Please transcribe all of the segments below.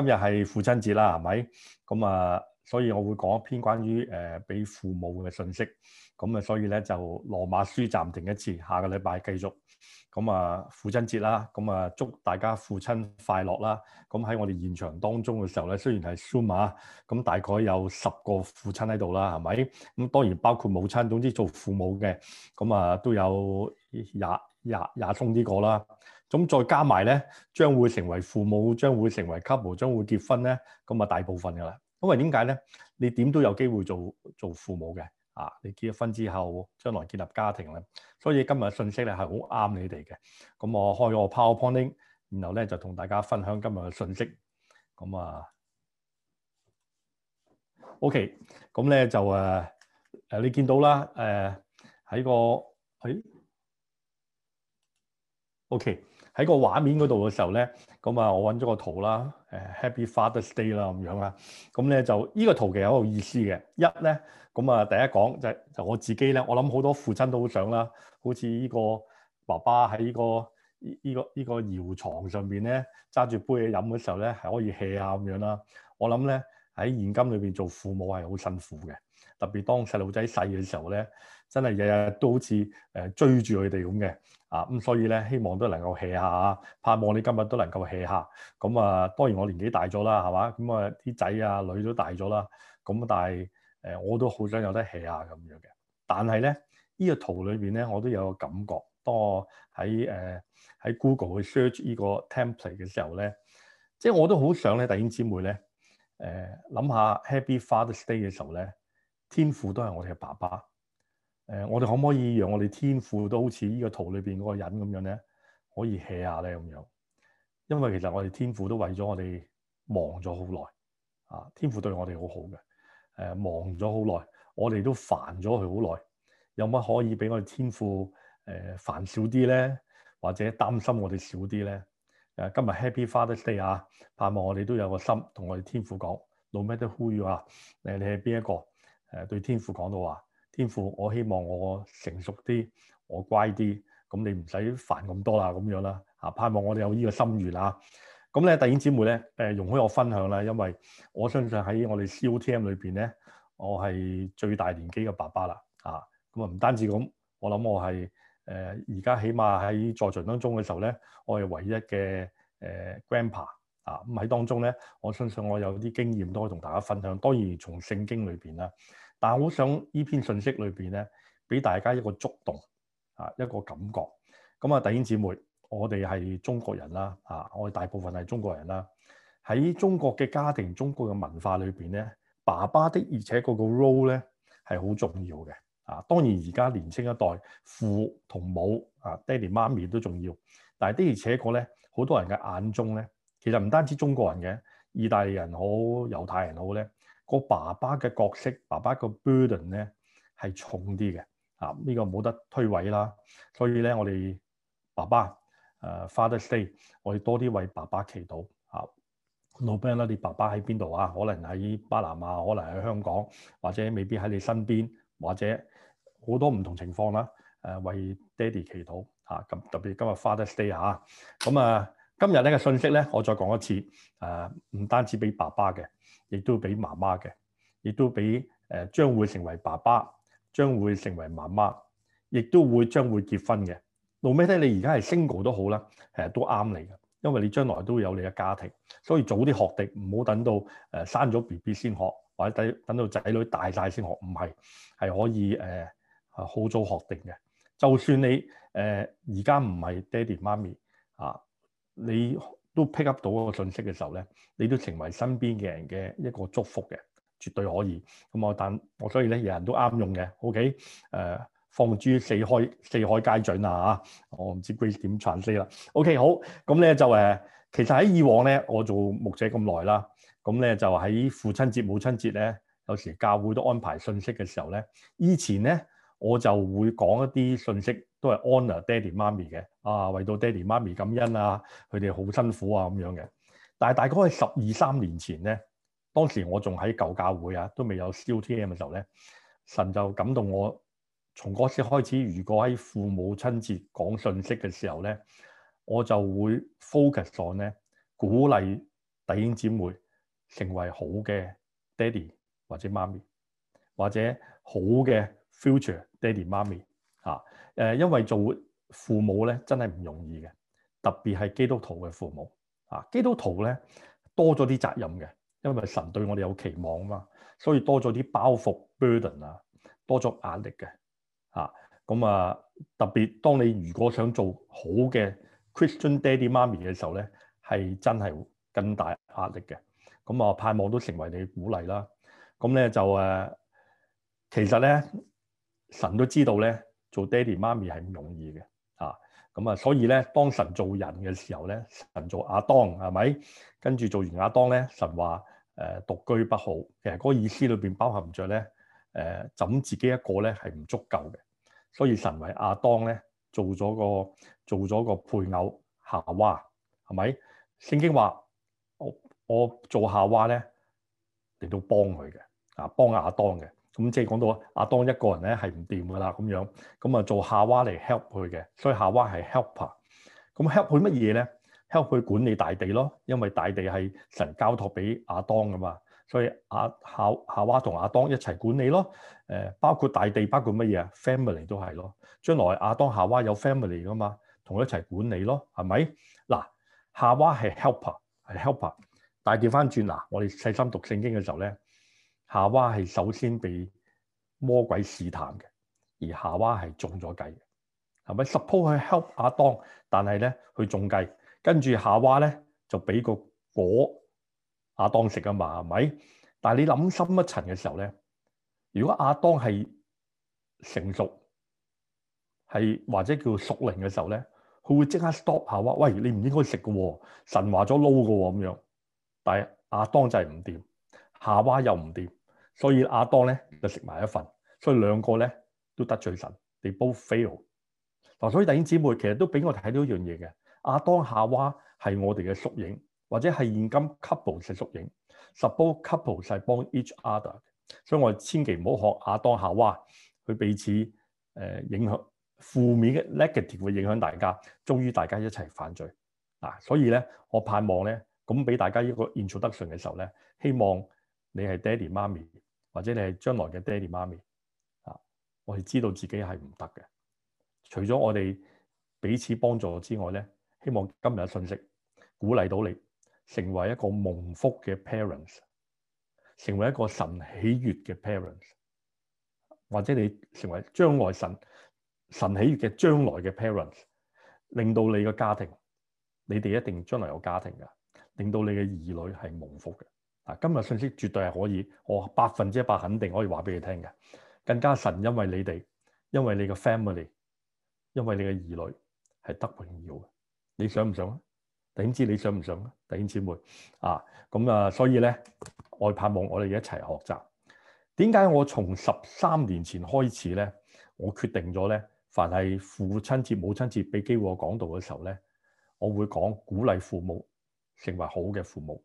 今日係父親節啦，係咪？咁啊，所以我會講一篇關於誒俾、呃、父母嘅信息。咁啊，所以咧就羅馬書暫停一次，下個禮拜繼續。咁啊，父親節啦，咁啊祝大家父親快樂啦。咁喺我哋現場當中嘅時候咧，雖然係數碼，咁大概有十個父親喺度啦，係咪？咁當然包括母親，總之做父母嘅，咁啊都有廿廿廿充呢個啦。咁再加埋咧，將會成為父母，將會成為 couple，將會結婚咧，咁啊大部分㗎喇。因為點解咧？你點都有機會做做父母嘅啊！你結咗婚之後，將來建立家庭咧。所以今日嘅信息咧係好啱你哋嘅。咁我開個 PowerPoint，然後咧就同大家分享今日嘅信息。咁啊，OK，咁咧就誒誒、呃，你見到啦誒喺個喺、哎、OK。喺個畫面嗰度嘅時候咧，咁啊，我揾咗個圖啦，誒 Happy Father's Day 啦咁樣啦，咁咧就呢個圖其實好有意思嘅。一咧，咁啊，第一講就係就我自己咧，我諗好多父親都好想啦，好似呢個爸爸喺呢個呢呢呢個搖床上邊咧，揸住杯嘢飲嘅時候咧，係可以 hea 下咁樣啦。我諗咧喺現今裏邊做父母係好辛苦嘅，特別當細路仔細嘅時候咧，真係日日都好似誒追住佢哋咁嘅。啊咁所以咧，希望都能夠 hea 下，盼望你今日都能夠 hea 下。咁、嗯、啊，當然我年紀大咗啦，係嘛？咁、嗯、啊，啲仔啊女都大咗啦。咁、嗯、但係誒、呃，我都好想有得 hea 下咁樣嘅。但係咧，呢、這個圖裏邊咧，我都有個感覺。當我喺誒喺、呃、Google 去 search 呢個 template 嘅時候咧，即係我都好想咧，弟兄姊妹咧誒諗下 Happy Father's Day 嘅時候咧，天父都係我哋嘅爸爸。誒，我哋可唔可以讓我哋天父都好似呢個圖裏邊嗰個人咁樣咧，可以歇下咧咁樣？因為其實我哋天父都為咗我哋忙咗好耐，啊，天父對我哋好好嘅。誒、呃，忙咗好耐，我哋都煩咗佢好耐。有乜可以俾我哋天父誒煩、呃、少啲咧，或者擔心我哋少啲咧？誒、呃，今日 Happy Father's Day 啊！盼望我哋都有個心同我哋天父講，No matter who you are 啊！誒，你係邊一個？誒，對天父講到話。天父，我希望我成熟啲，我乖啲，咁你唔使煩咁多啦，咁樣啦，啊，盼望我哋有呢個心願啦。咁咧，弟兄姊妹咧，誒容許我分享啦，因為我相信喺我哋 COTM 裏邊咧，我係最大年紀嘅爸爸啦，啊，咁啊唔單止咁，我諗我係誒而家起碼喺在,在場當中嘅時候咧，我係唯一嘅誒、呃、grandpa 啊，咁喺當中咧，我相信我有啲經驗都可以同大家分享。當然從聖經裏邊啦。但係好想呢篇信息裏邊咧，俾大家一個觸動啊，一個感覺。咁啊，弟兄姊妹，我哋係中國人啦，啊，我哋大部分係中國人啦。喺中國嘅家庭、中國嘅文化裏邊咧，爸爸的而且確個 role 咧係好重要嘅。啊，當然而家年輕一代父同母啊，爹哋媽咪都重要。但係的而且確咧，好多人嘅眼中咧，其實唔單止中國人嘅，意大利人好，猶太人好咧。個爸爸嘅角色，爸爸個 burden 咧係重啲嘅，啊呢、這個冇得推諉啦。所以咧，我哋爸爸誒、啊、Father’s Day，我哋多啲為爸爸祈禱啊。老朋友啦，你爸爸喺邊度啊？可能喺巴拿馬、啊，可能喺香港，或者未必喺你身邊，或者好多唔同情況啦。誒、啊、為爹哋祈禱啊！咁特別今日 Father’s Day 嚇、啊，咁啊，啊今日呢嘅信息咧，我再講一次誒，唔、啊、單止俾爸爸嘅。亦都俾媽媽嘅，亦都俾誒將會成為爸爸，將會成為媽媽，亦都會將會結婚嘅。做咩咧？你而家係 single 都好啦，其實都啱你嘅，因為你將來都會有你嘅家庭，所以早啲學定，唔好等到誒生咗 B B 先學，或者等等到仔女大晒先學，唔係係可以誒、呃啊、好早學定嘅。就算你誒而家唔係爹哋媽咪啊，你。都 pick up 到個信息嘅時候咧，你都成為身邊嘅人嘅一個祝福嘅，絕對可以。咁啊，但我所以咧，人人都啱用嘅。O K，誒，放諸四開四海皆準啊嚇，我、啊、唔、哦、知 Grace 點傳譯啦。O、OK, K，好咁咧就誒、呃，其實喺以往咧，我做牧者咁耐啦，咁咧就喺父親節、母親節咧，有時教會都安排信息嘅時候咧，以前咧我就會講一啲信息。都係 honor 爹哋媽咪嘅啊，為到爹哋媽咪感恩啊，佢哋好辛苦啊咁樣嘅。但係大概喺十二三年前咧，當時我仲喺舊教會啊，都未有 COTM 嘅時候咧，神就感動我，從嗰時開始，如果喺父母親節講信息嘅時候咧，我就會 focus on 咧，鼓勵弟兄姊妹成為好嘅爹哋或者媽咪，或者好嘅 future 爹哋媽咪。啊，誒，因為做父母咧，真係唔容易嘅，特別係基督徒嘅父母。啊，基督徒咧多咗啲責任嘅，因為神對我哋有期望啊嘛，所以多咗啲包袱 burden 啊，多咗壓力嘅。啊，咁啊，特別當你如果想做好嘅 Christian Daddy 媽咪嘅時候咧，係真係更大壓力嘅。咁啊，盼望都成為你嘅鼓勵啦。咁咧就誒，其實咧神都知道咧。做爹哋媽咪係唔容易嘅，啊咁啊，所以咧，當神做人嘅時候咧，神做亞當係咪？跟住做完亞當咧，神話誒、呃、獨居不好，其實嗰個意思裏邊包含著咧，誒、呃，就自己一個咧係唔足夠嘅，所以神為亞當咧做咗個做咗個配偶夏娃，係咪？聖經話我我做夏娃咧嚟到幫佢嘅，啊幫亞當嘅。咁即係講到阿當一個人咧係唔掂噶啦，咁樣咁啊做夏娃嚟 help 佢嘅，所以夏娃係 helper。咁 help 佢乜嘢咧？help 佢管理大地咯，因為大地係神交託俾阿當噶嘛，所以阿夏夏娃同阿當一齊管理咯。誒，包括大地，包括乜嘢？family 都係咯。將來阿當夏娃有 family 噶嘛，同佢一齊管理咯，係咪？嗱，夏娃係 helper，係 helper。但係調翻轉嗱，我哋細心讀聖經嘅時候咧。夏娃係首先被魔鬼試探嘅，而夏娃係中咗計，係咪？Suppose 去 help 阿當，但係咧去中計，跟住夏娃咧就俾個果阿當食啊嘛，係咪？但係你諗深一層嘅時候咧，如果阿當係成熟係或者叫熟齡嘅時候咧，佢會即刻 stop 夏娃，喂，你唔應該食㗎喎，神話咗撈㗎喎咁樣。但係阿當就係唔掂，夏娃又唔掂。所以亞當咧就食埋一份，所以兩個咧都得罪神，They both fail 嗱、啊。所以弟兄姊妹其實都俾我睇到一樣嘢嘅，亞當夏娃係我哋嘅縮影，或者係現今 couple 嘅縮影，十波 couple 係幫 each other。所以我哋千祈唔好學亞當夏娃去彼此誒、呃、影響負面嘅 negative 會影響大家，終於大家一齊犯罪嗱、啊。所以咧，我盼望咧咁俾大家一個 introduction 嘅時候咧，希望你係爹哋媽咪。或者你係將來嘅爹哋媽咪啊，我哋知道自己係唔得嘅。除咗我哋彼此幫助之外咧，希望今日嘅信息鼓勵到你，成為一個蒙福嘅 parents，成為一個神喜悅嘅 parents，或者你成為將來神神喜悅嘅將來嘅 parents，令到你嘅家庭，你哋一定將來有家庭噶，令到你嘅兒女係蒙福嘅。啊！今日信息絕對係可以，我百分之一百肯定可以話俾你聽嘅。更加神因，因為你哋，因為你嘅 family，因為你嘅兒女係得榮耀嘅。你想唔想？想，想啊？點知你想唔想啊？弟兄姊妹，啊咁啊，所以咧，我盼望我哋一齊學習。點解我從十三年前開始咧，我決定咗咧，凡係父親節、母親節俾機會我講道嘅時候咧，我會講鼓勵父母成為好嘅父母。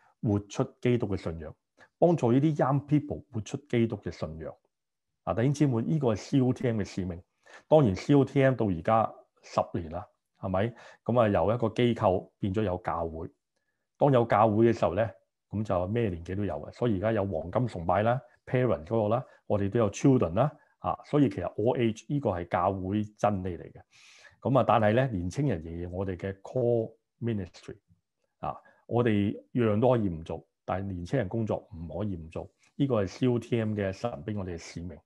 活出基督嘅信仰，幫助呢啲 young people 活出基督嘅信仰。啊，弟兄姊妹，呢、這個係 COTM 嘅使命。當然 COTM 到而家十年啦，係咪咁啊？由一個機構變咗有教會。當有教會嘅時候咧，咁、嗯、就咩年紀都有嘅。所以而家有黃金崇拜啦，parent 嗰個啦，我哋都有 children 啦啊。所以其實 all age 呢個係教會真理嚟嘅。咁、嗯、啊，但係咧年青人、仍然我哋嘅 call ministry 啊。我哋樣樣都可以唔做，但係年青人工作唔可以唔做。呢個係 COTM 嘅神俾我哋嘅使命。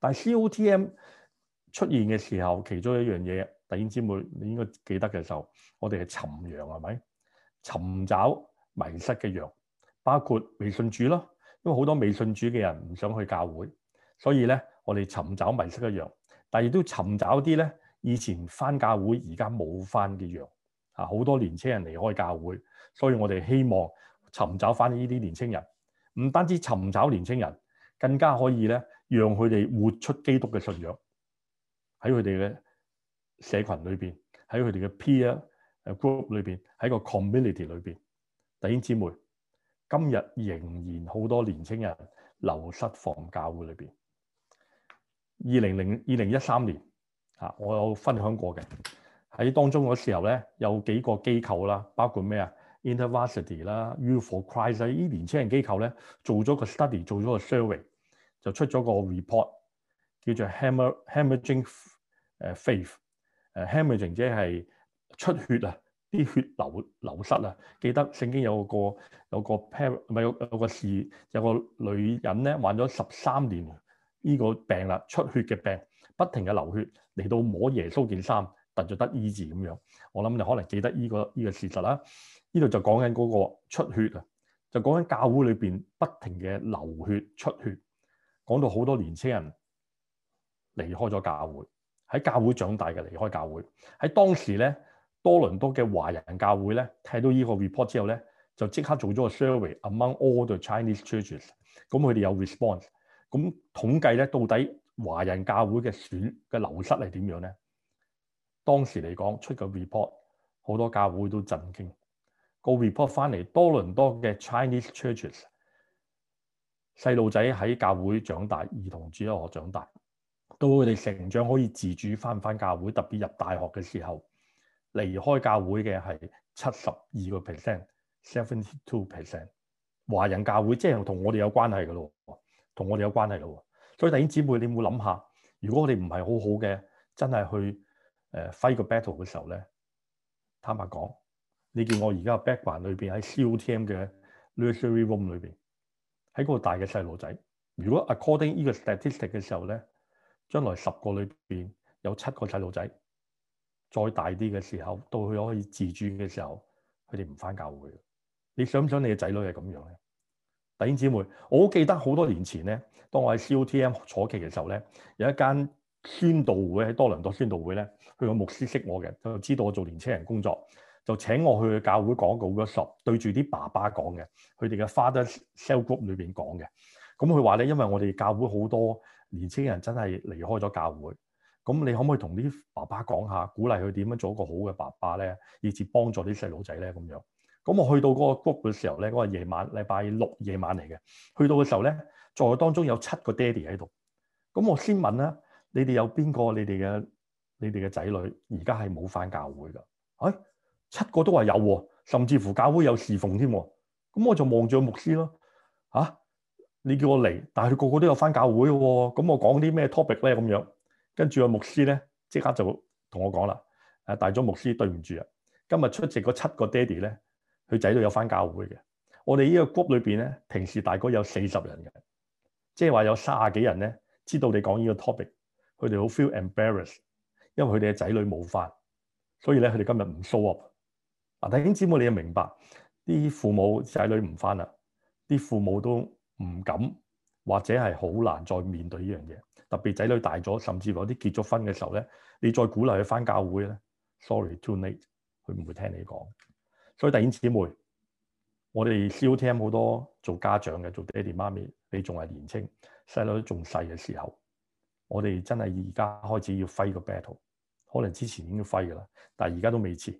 但係 COTM 出現嘅時候，其中一樣嘢，弟兄姊妹你應該記得嘅時候，我哋係尋羊係咪？尋找迷失嘅羊，包括微信主咯，因為好多微信主嘅人唔想去教會，所以咧我哋尋找迷失嘅羊，但係亦都尋找啲咧以前翻教會而家冇翻嘅羊。啊，好多年青人離開教會。所以我哋希望尋找翻呢啲年青人，唔單止尋找年青人，更加可以咧讓佢哋活出基督嘅信仰，喺佢哋嘅社群裏邊，喺佢哋嘅 peer group 裏邊，喺個 community 裏邊。弟兄姊妹，今日仍然好多年青人流失房教會裏邊。二零零二零一三年啊，我有分享過嘅，喺當中嗰時候咧，有幾個機構啦，包括咩啊？Intervarsity 啦，Youth for Christ，依、啊、年青人機構咧做咗個 study，做咗個 survey，就出咗個 report，叫做 Hemorrhaging, Hemorrhaging 誒 faith，誒、啊、Hemorrhaging 即係出血啊，啲血流流失啊。記得聖經有個有個 par 唔係有個有個事，有個女人咧患咗十三年呢個病啦，出血嘅病，不停嘅流血，嚟到摸耶穌件衫，突然就得醫治咁樣。我諗你可能記得呢、這個依、這個事實啦。呢度就講緊嗰個出血啊，就講緊教會裏邊不停嘅流血出血，講到好多年青人離開咗教會，喺教會長大嘅離開教會。喺當時咧，多倫多嘅華人教會咧睇到呢個 report 之後咧，就即刻做咗個 survey among all the Chinese churches，嗯。咁佢哋有 response，咁統計咧，到底華人教會嘅選嘅流失係點樣咧？當時嚟講，出個 report，好多教會都震驚。個 report 翻嚟，多倫多嘅 Chinese churches 細路仔喺教會長大，兒童主日學長大，到佢哋成長可以自主翻唔翻教會，特別入大學嘅時候離開教會嘅係七十二個 percent，seventy two percent 華人教會，即係同我哋有關係噶咯，同我哋有關係咯。所以弟兄姊妹，你有冇諗下，如果我哋唔係好好嘅，真係去誒 fight 個 battle 嘅時候咧，坦白講。你見我而家 background 裏邊喺 COTM 嘅 luxury room 裏邊，喺嗰個大嘅細路仔。如果 according 呢個 statistic 嘅時候咧，將來十個裏邊有七個細路仔再大啲嘅時候，到佢可以自住嘅時候，佢哋唔返教會。你想唔想你嘅仔女係咁樣咧？弟兄姊妹，我好記得好多年前咧，當我喺 COTM 坐企嘅時候咧，有一間宣道會喺多倫多宣道會咧，佢個牧師識我嘅，佢就知道我做年青人工作。就請我去教會講個好多十，對住啲爸爸講嘅，佢哋嘅 Father's Cell Group 裏邊講嘅。咁佢話咧，因為我哋教會好多年青人真係離開咗教會，咁你可唔可以同啲爸爸講下，鼓勵佢點樣做一個好嘅爸爸咧，以至幫助啲細路仔咧咁樣。咁我去到嗰個 group 嘅時候咧，嗰、嗰個夜晚禮拜六夜晚嚟嘅，去到嘅時候咧，在當中有七個爹哋喺度。咁我先問啦，你哋有邊個你哋嘅你哋嘅仔女而家係冇返教會㗎？哎！七個都話有喎、哦，甚至乎教會有侍奉添、哦、喎。咁、嗯、我就望住個牧師咯。吓、啊？你叫我嚟，但係佢個個都有翻教會喎、哦。咁、嗯、我講啲咩 topic 咧咁樣？跟住個牧師咧即刻就同我講啦。誒、啊，大咗牧師對唔住啊，今日出席嗰七個爹哋咧，佢仔女都有翻教會嘅。我哋呢個 group 裏邊咧，平時大概有四十人嘅，即係話有三十幾人咧，知道你講呢個 topic，佢哋好 feel embarrassed，因為佢哋嘅仔女冇翻，所以咧佢哋今日唔 show up。啊、弟兄姊妹，你要明白啲父母仔女唔翻啦，啲父母都唔敢或者係好難再面對呢樣嘢。特別仔女大咗，甚至有啲結咗婚嘅時候咧，你再鼓勵佢翻教會咧，sorry, too late，佢唔會聽你講。所以弟兄姊妹，我哋燒聽好多做家長嘅，做爹哋媽咪，你仲係年青，細佬仲細嘅時候，我哋真係而家開始要揮個 battle，可能之前已經揮噶啦，但係而家都未遲。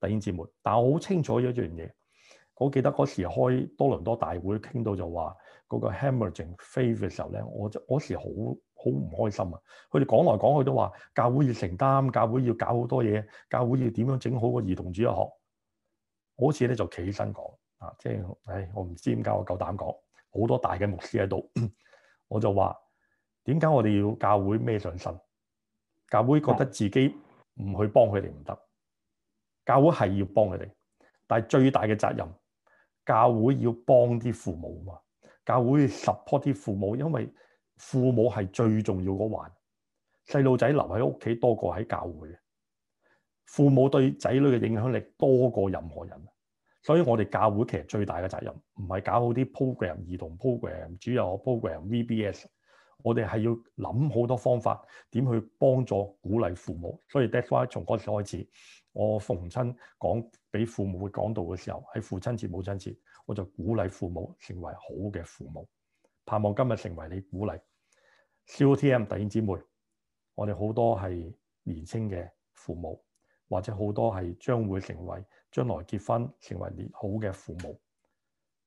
等二節目，但我好清楚一樣嘢，我記得嗰時開多倫多大會傾到就話嗰、那個 Hemorrhaging Faith 嘅時候咧，我我時好好唔開心啊！佢哋講來講去都話教會要承擔，教會要搞好多嘢，教會要點樣整好個兒童主日學？我好似咧就企身講啊，即係唉、哎，我唔知點解我夠膽講，好多大嘅牧師喺度，我就話點解我哋要教會孭上身？教會覺得自己唔去幫佢哋唔得。教會係要幫佢哋，但係最大嘅責任，教會要幫啲父母嘛。教會 support 啲父母，因為父母係最重要嗰環。細路仔留喺屋企多過喺教會，父母對仔女嘅影響力多過任何人。所以我哋教會其實最大嘅責任，唔係搞好啲 program、兒童 program、主日學 program、VBS，我哋係要諗好多方法點去幫助鼓勵父母。所以 that's why 從嗰時開始。我逢親講俾父母會講到嘅時候，喺父親節、母親節，我就鼓勵父母成為好嘅父母，盼望今日成為你鼓勵。COTM 弟兄姊妹，我哋好多係年輕嘅父母，或者好多係將會成為將來結婚、成為你好嘅父母。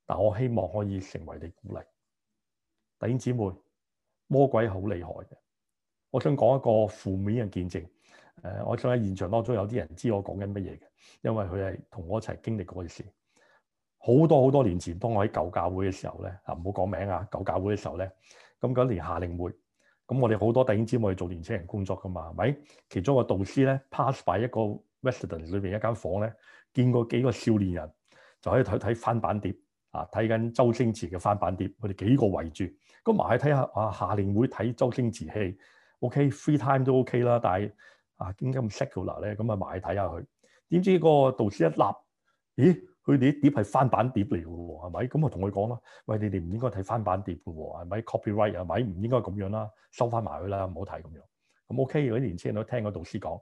但我希望可以成為你鼓勵。弟兄姊妹，魔鬼好厲害嘅，我想講一個負面嘅見證。誒，我想喺現場當中有啲人知我講緊乜嘢嘅，因為佢係同我一齊經歷過嘅事。好多好多年前，當我喺舊教會嘅時候咧，啊，唔好講名啊，舊教會嘅時候咧，咁、嗯、嗰年夏令會，咁我哋好多弟兄姊妹做年青人工作㗎嘛，係咪？其中一個導師咧 pass by 一個 resident 裏邊一間房咧，見過幾個少年人，就喺度睇睇翻版碟，啊，睇緊周星馳嘅翻版碟，佢哋幾個圍住，咁埋去睇下，哇、啊！夏令會睇周星馳戲，OK，free、OK? time 都 OK 啦，但係。啊，點解咁 secular 咧？咁啊買去睇下佢，點知個導師一立，咦？佢哋啲碟係翻版碟嚟嘅喎，係咪？咁啊，同佢講啦，喂，你哋唔應該睇翻版碟嘅喎，係咪 copyright 啊？咪唔、right, 應該咁樣啦，收翻埋佢啦，唔好睇咁樣。咁 OK，嗰啲年青人都聽個導師講。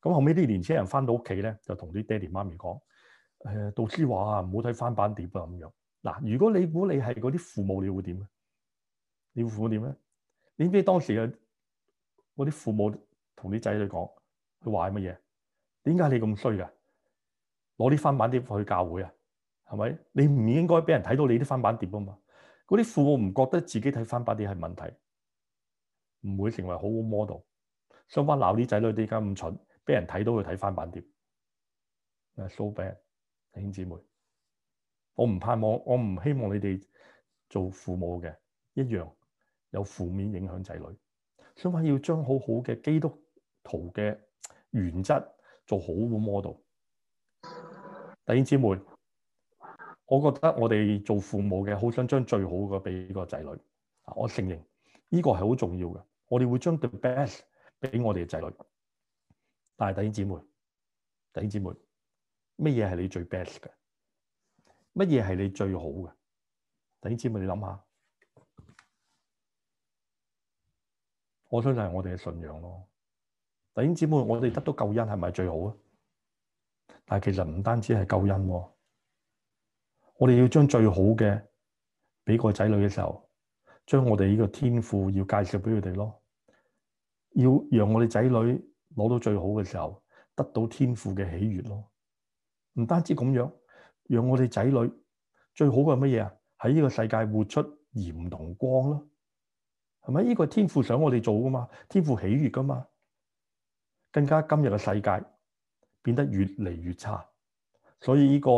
咁後尾啲年青人翻到屋企咧，就同啲爹哋媽咪講，誒、呃、導師話啊，唔好睇翻版碟啊咁樣。嗱，如果你估你係嗰啲父母，你會點咧？你會父母點咧？你知當時嘅嗰啲父母？同啲仔女講，佢話係乜嘢？點解你咁衰㗎？攞啲翻版碟去教會啊？係咪？你唔應該俾人睇到你啲翻版碟啊嘛？嗰啲父母唔覺得自己睇翻版碟係問題，唔會成為好 model。相反鬧啲仔女點解咁蠢，俾人睇到佢睇翻版碟。誒，so bad，兄姊妹，我唔盼望，我唔希望你哋做父母嘅一樣有負面影響仔女。相反要將好好嘅基督。圖嘅原則做好個 model。弟兄姊妹，我覺得我哋做父母嘅好想將最好嘅俾個仔女。啊，我承認呢個係好重要嘅，我哋會將 the best 俾我哋嘅仔女。但係弟兄姊妹，弟兄姊妹，乜嘢係你最 best 嘅？乜嘢係你最好嘅？弟兄姊妹，你諗下，我相信係我哋嘅信仰咯。弟兄姊妹，我哋得到救恩係咪最好啊？但其實唔單止係救恩，喎，我哋要將最好嘅俾個仔女嘅時候，將我哋呢個天父要介紹俾佢哋咯，要讓我哋仔女攞到最好嘅時候，得到天父嘅喜悦咯。唔單止咁樣，讓我哋仔女最好嘅係乜嘢啊？喺呢個世界活出鹽同光咯，係咪？呢、這個係天父想我哋做噶嘛？天父喜悦噶嘛？更加今日嘅世界變得越嚟越差，所以呢個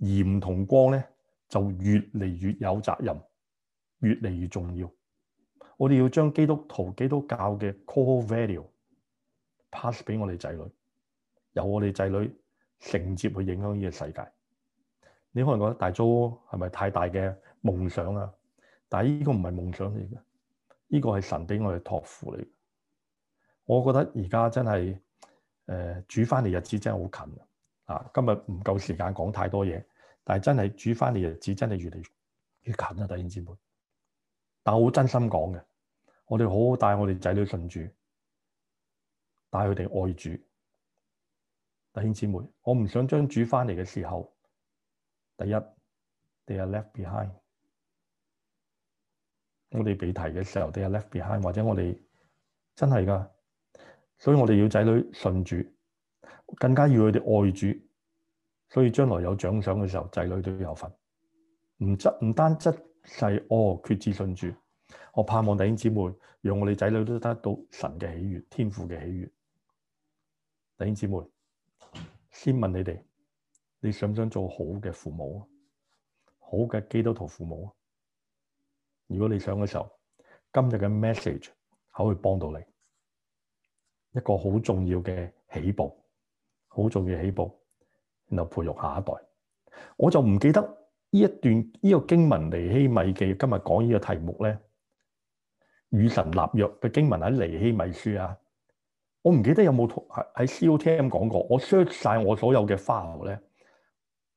鹽同光呢就越嚟越有責任，越嚟越重要。我哋要將基督徒基督教嘅 core value pass 俾我哋仔女，由我哋仔女承接去影響呢個世界。你可能覺得大租係咪太大嘅夢想呀？但係呢個唔係夢想嚟嘅，呢、這個係神俾我哋託付嚟。我覺得而家真係誒，主、呃、翻嚟日子真係好近、啊、今日唔夠時間講太多嘢，但係真係主翻嚟日子真係越嚟越近啊！弟兄姐妹，但我好真心講嘅。我哋好好帶我哋仔女信主，帶佢哋愛主，弟兄姐妹，我唔想將主翻嚟嘅時候，第一，第二 left behind，我哋被提嘅時候，第二 left behind，或者我哋真係噶～所以我哋要仔女信主，更加要佢哋愛主，所以將來有獎賞嘅時候，仔女都有份。唔止，唔單止係哦，決志信主，我盼望弟兄姊妹，讓我哋仔女都得到神嘅喜悅，天父嘅喜悅。弟兄姊妹，先問你哋，你想唔想做好嘅父母，好嘅基督徒父母？如果你想嘅時候，今日嘅 message 可以幫到你。一個好重要嘅起步，好重要起步，然後培育下一代。我就唔記得呢一段呢個經文尼希米記今日講呢個題目咧，與神立約嘅經文喺尼希米書啊，我唔記得有冇喺 COTM 講過。我 search 晒我所有嘅 file 咧，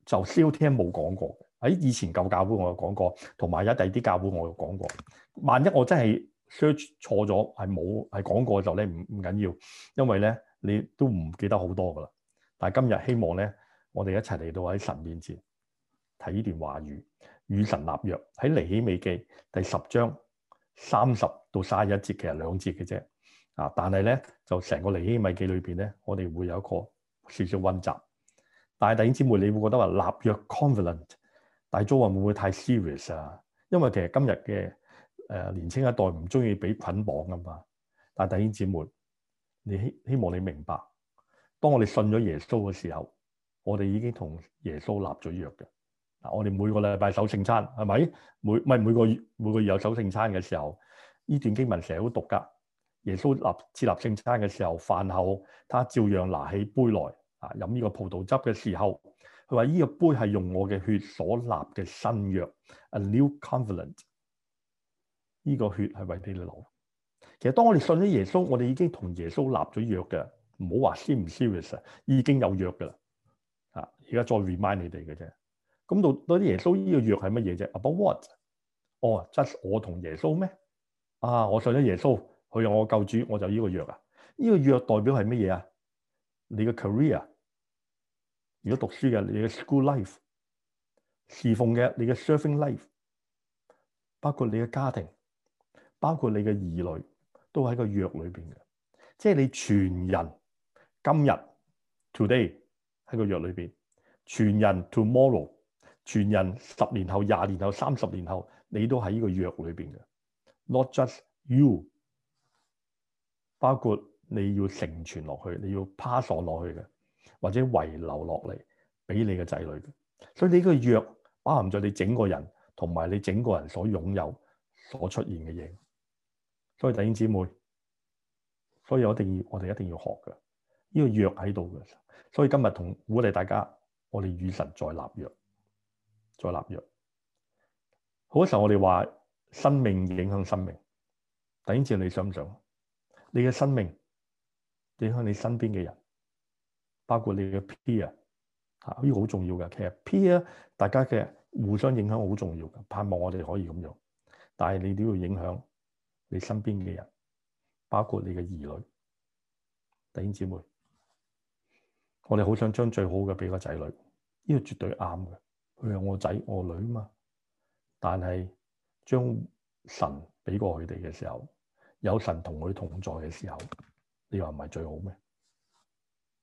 就 COTM 冇講過。喺以前舊教會我有講過，同埋而第二啲教會我有講過。萬一我真係 search 錯咗，係冇係講過就咧，唔唔緊要，因為咧你都唔記得好多噶啦。但係今日希望咧，我哋一齊嚟到喺神面前睇呢段話語與神立約喺尼希米記第十章三十到卅一節，其實兩節嘅啫。啊，但係咧就成個尼希米記裏邊咧，我哋會有一個少少溫習。但係弟兄姐妹，你會覺得話立約 covenant 但係做話會唔會太 serious 啊？因為其實今日嘅誒年青一代唔鍾意俾捆綁啊嘛，但弟兄姊妹，你希希望你明白，當我哋信咗耶穌嘅時候，我哋已經同耶穌立咗約嘅。嗱，我哋每個禮拜守聖餐，係咪？每唔係每個月每個月有守聖餐嘅時候，呢段經文成日都讀噶。耶穌立設立聖餐嘅時候，飯後他照樣拿起杯來啊，飲呢個葡萄汁嘅時候，佢話：呢、這個杯係用我嘅血所立嘅新約，A new covenant。呢個血係為你流。其實當我哋信咗耶穌，我哋已經同耶穌立咗約嘅，唔好話 serious 唔 serious，已經有約噶啦。啊，而家再 remind 你哋嘅啫。咁、啊、到啲耶穌呢、呢個約係乜嘢啫？About what？哦，即係我同耶穌咩？啊，我信咗耶穌，佢係我救主，我就呢個約啊。呢、呢個約代表係乜嘢啊？你嘅 career，如果讀書嘅，你嘅 school life，侍奉嘅，你嘅 serving life，包括你嘅家庭。包括你嘅兒女都喺個約裏面嘅，即係你全人今日 today 喺個約裏面，全人 tomorrow，全人十年後、廿年後、三十年後，你都喺呢個約裏面嘅。Not just you，包括你要成全落去，你要 pass on 落去嘅，或者遺留落嚟俾你嘅仔女嘅。所以你嘅約包含在你整個人同埋你整個人所擁有、所出現嘅嘢。所以弟兄姊妹，所以我一定要，我哋一定要學嘅，呢個約喺度嘅。所以今日同鼓勵大家，我哋與神再立約，再立約。好多時候我哋話生命影響生命，弟兄姊妹，你想唔想？你嘅生命影響你，你身邊嘅人，包括你嘅 peer，啊。e、這、呢個好重要嘅。其實 peer 啊，大家嘅互相影響好重要嘅。盼望我哋可以咁樣，但係你都要影響。你身邊嘅人，包括你嘅兒女，弟兄姊妹，我哋好想將最好嘅俾個仔女，呢個絕對啱嘅。佢係我仔我女啊嘛。但係將神俾過佢哋嘅時候，有神同佢同在嘅時候，你話唔係最好咩？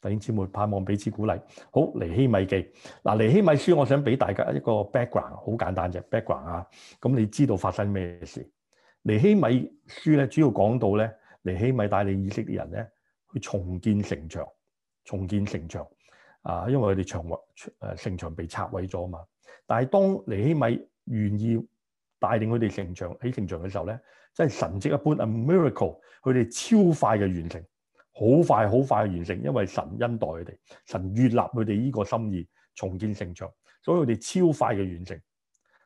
弟兄姊妹，盼望彼此鼓勵。好，尼希米記嗱，尼希米書，我想俾大家一個 background，好簡單啫，background 啊。咁你知道發生咩事？尼希米書咧，主要講到咧，尼希米帶領以色列人咧去重建城牆，重建城牆啊，因為佢哋牆或誒城牆被拆毀咗嘛。但係當尼希米願意帶領佢哋城牆起城牆嘅時候咧，真係神跡一般，a miracle，佢哋超快嘅完成，好快好快嘅完成，因為神恩待佢哋，神悅納佢哋呢個心意重建城牆，所以佢哋超快嘅完成。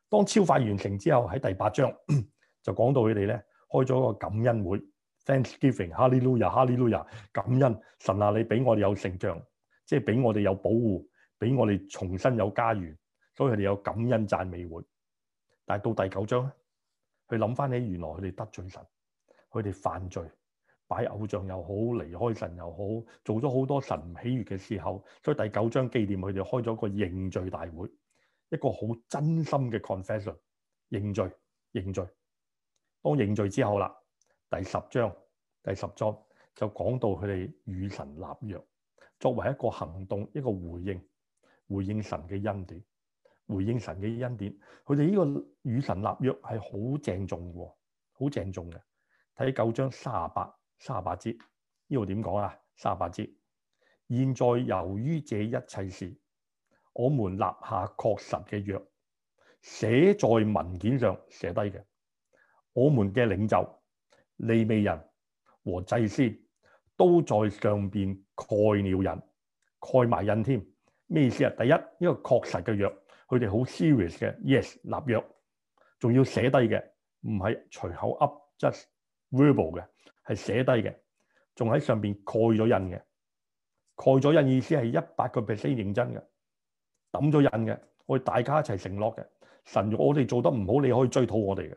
當超快完成之後，喺第八章。 就講到佢哋咧，開咗個感恩會，Thanksgiving，Hallelujah，Hallelujah，Hallelujah, 感恩神啊，你俾我哋有成長，即係俾我哋有保護，俾我哋重新有家園，所以佢哋有感恩讚美會。但係到第九章，佢諗翻起原來佢哋得罪神，佢哋犯罪，擺偶像又好，離開神又好，做咗好多神唔喜悅嘅時候。所以第九章紀念佢哋開咗個認罪大會，一個好真心嘅 confession，認罪，認罪。當認罪之後啦，第十章，第十章就講到佢哋與神立約，作為一個行動，一個回應，回應神嘅恩典，回應神嘅恩典。佢哋呢個與神立約係好鄭重嘅，好鄭重嘅。睇九章三十八三十八節呢度點講啊？三十八節，現在由於這一切事，我們立下確實嘅約，寫在文件上，寫低嘅。我們嘅領袖、利未人和祭司都在上邊蓋了印，蓋埋印添。咩意思啊？第一，呢個確實嘅約，佢哋好 serious 嘅。Yes，立約，仲要寫低嘅，唔係隨口噏，just verbal 嘅，係寫低嘅，仲喺上邊蓋咗印嘅，蓋咗印意思係一百個 percent 認真嘅，抌咗印嘅，我哋大家一齊承諾嘅。神，我哋做得唔好，你可以追討我哋嘅。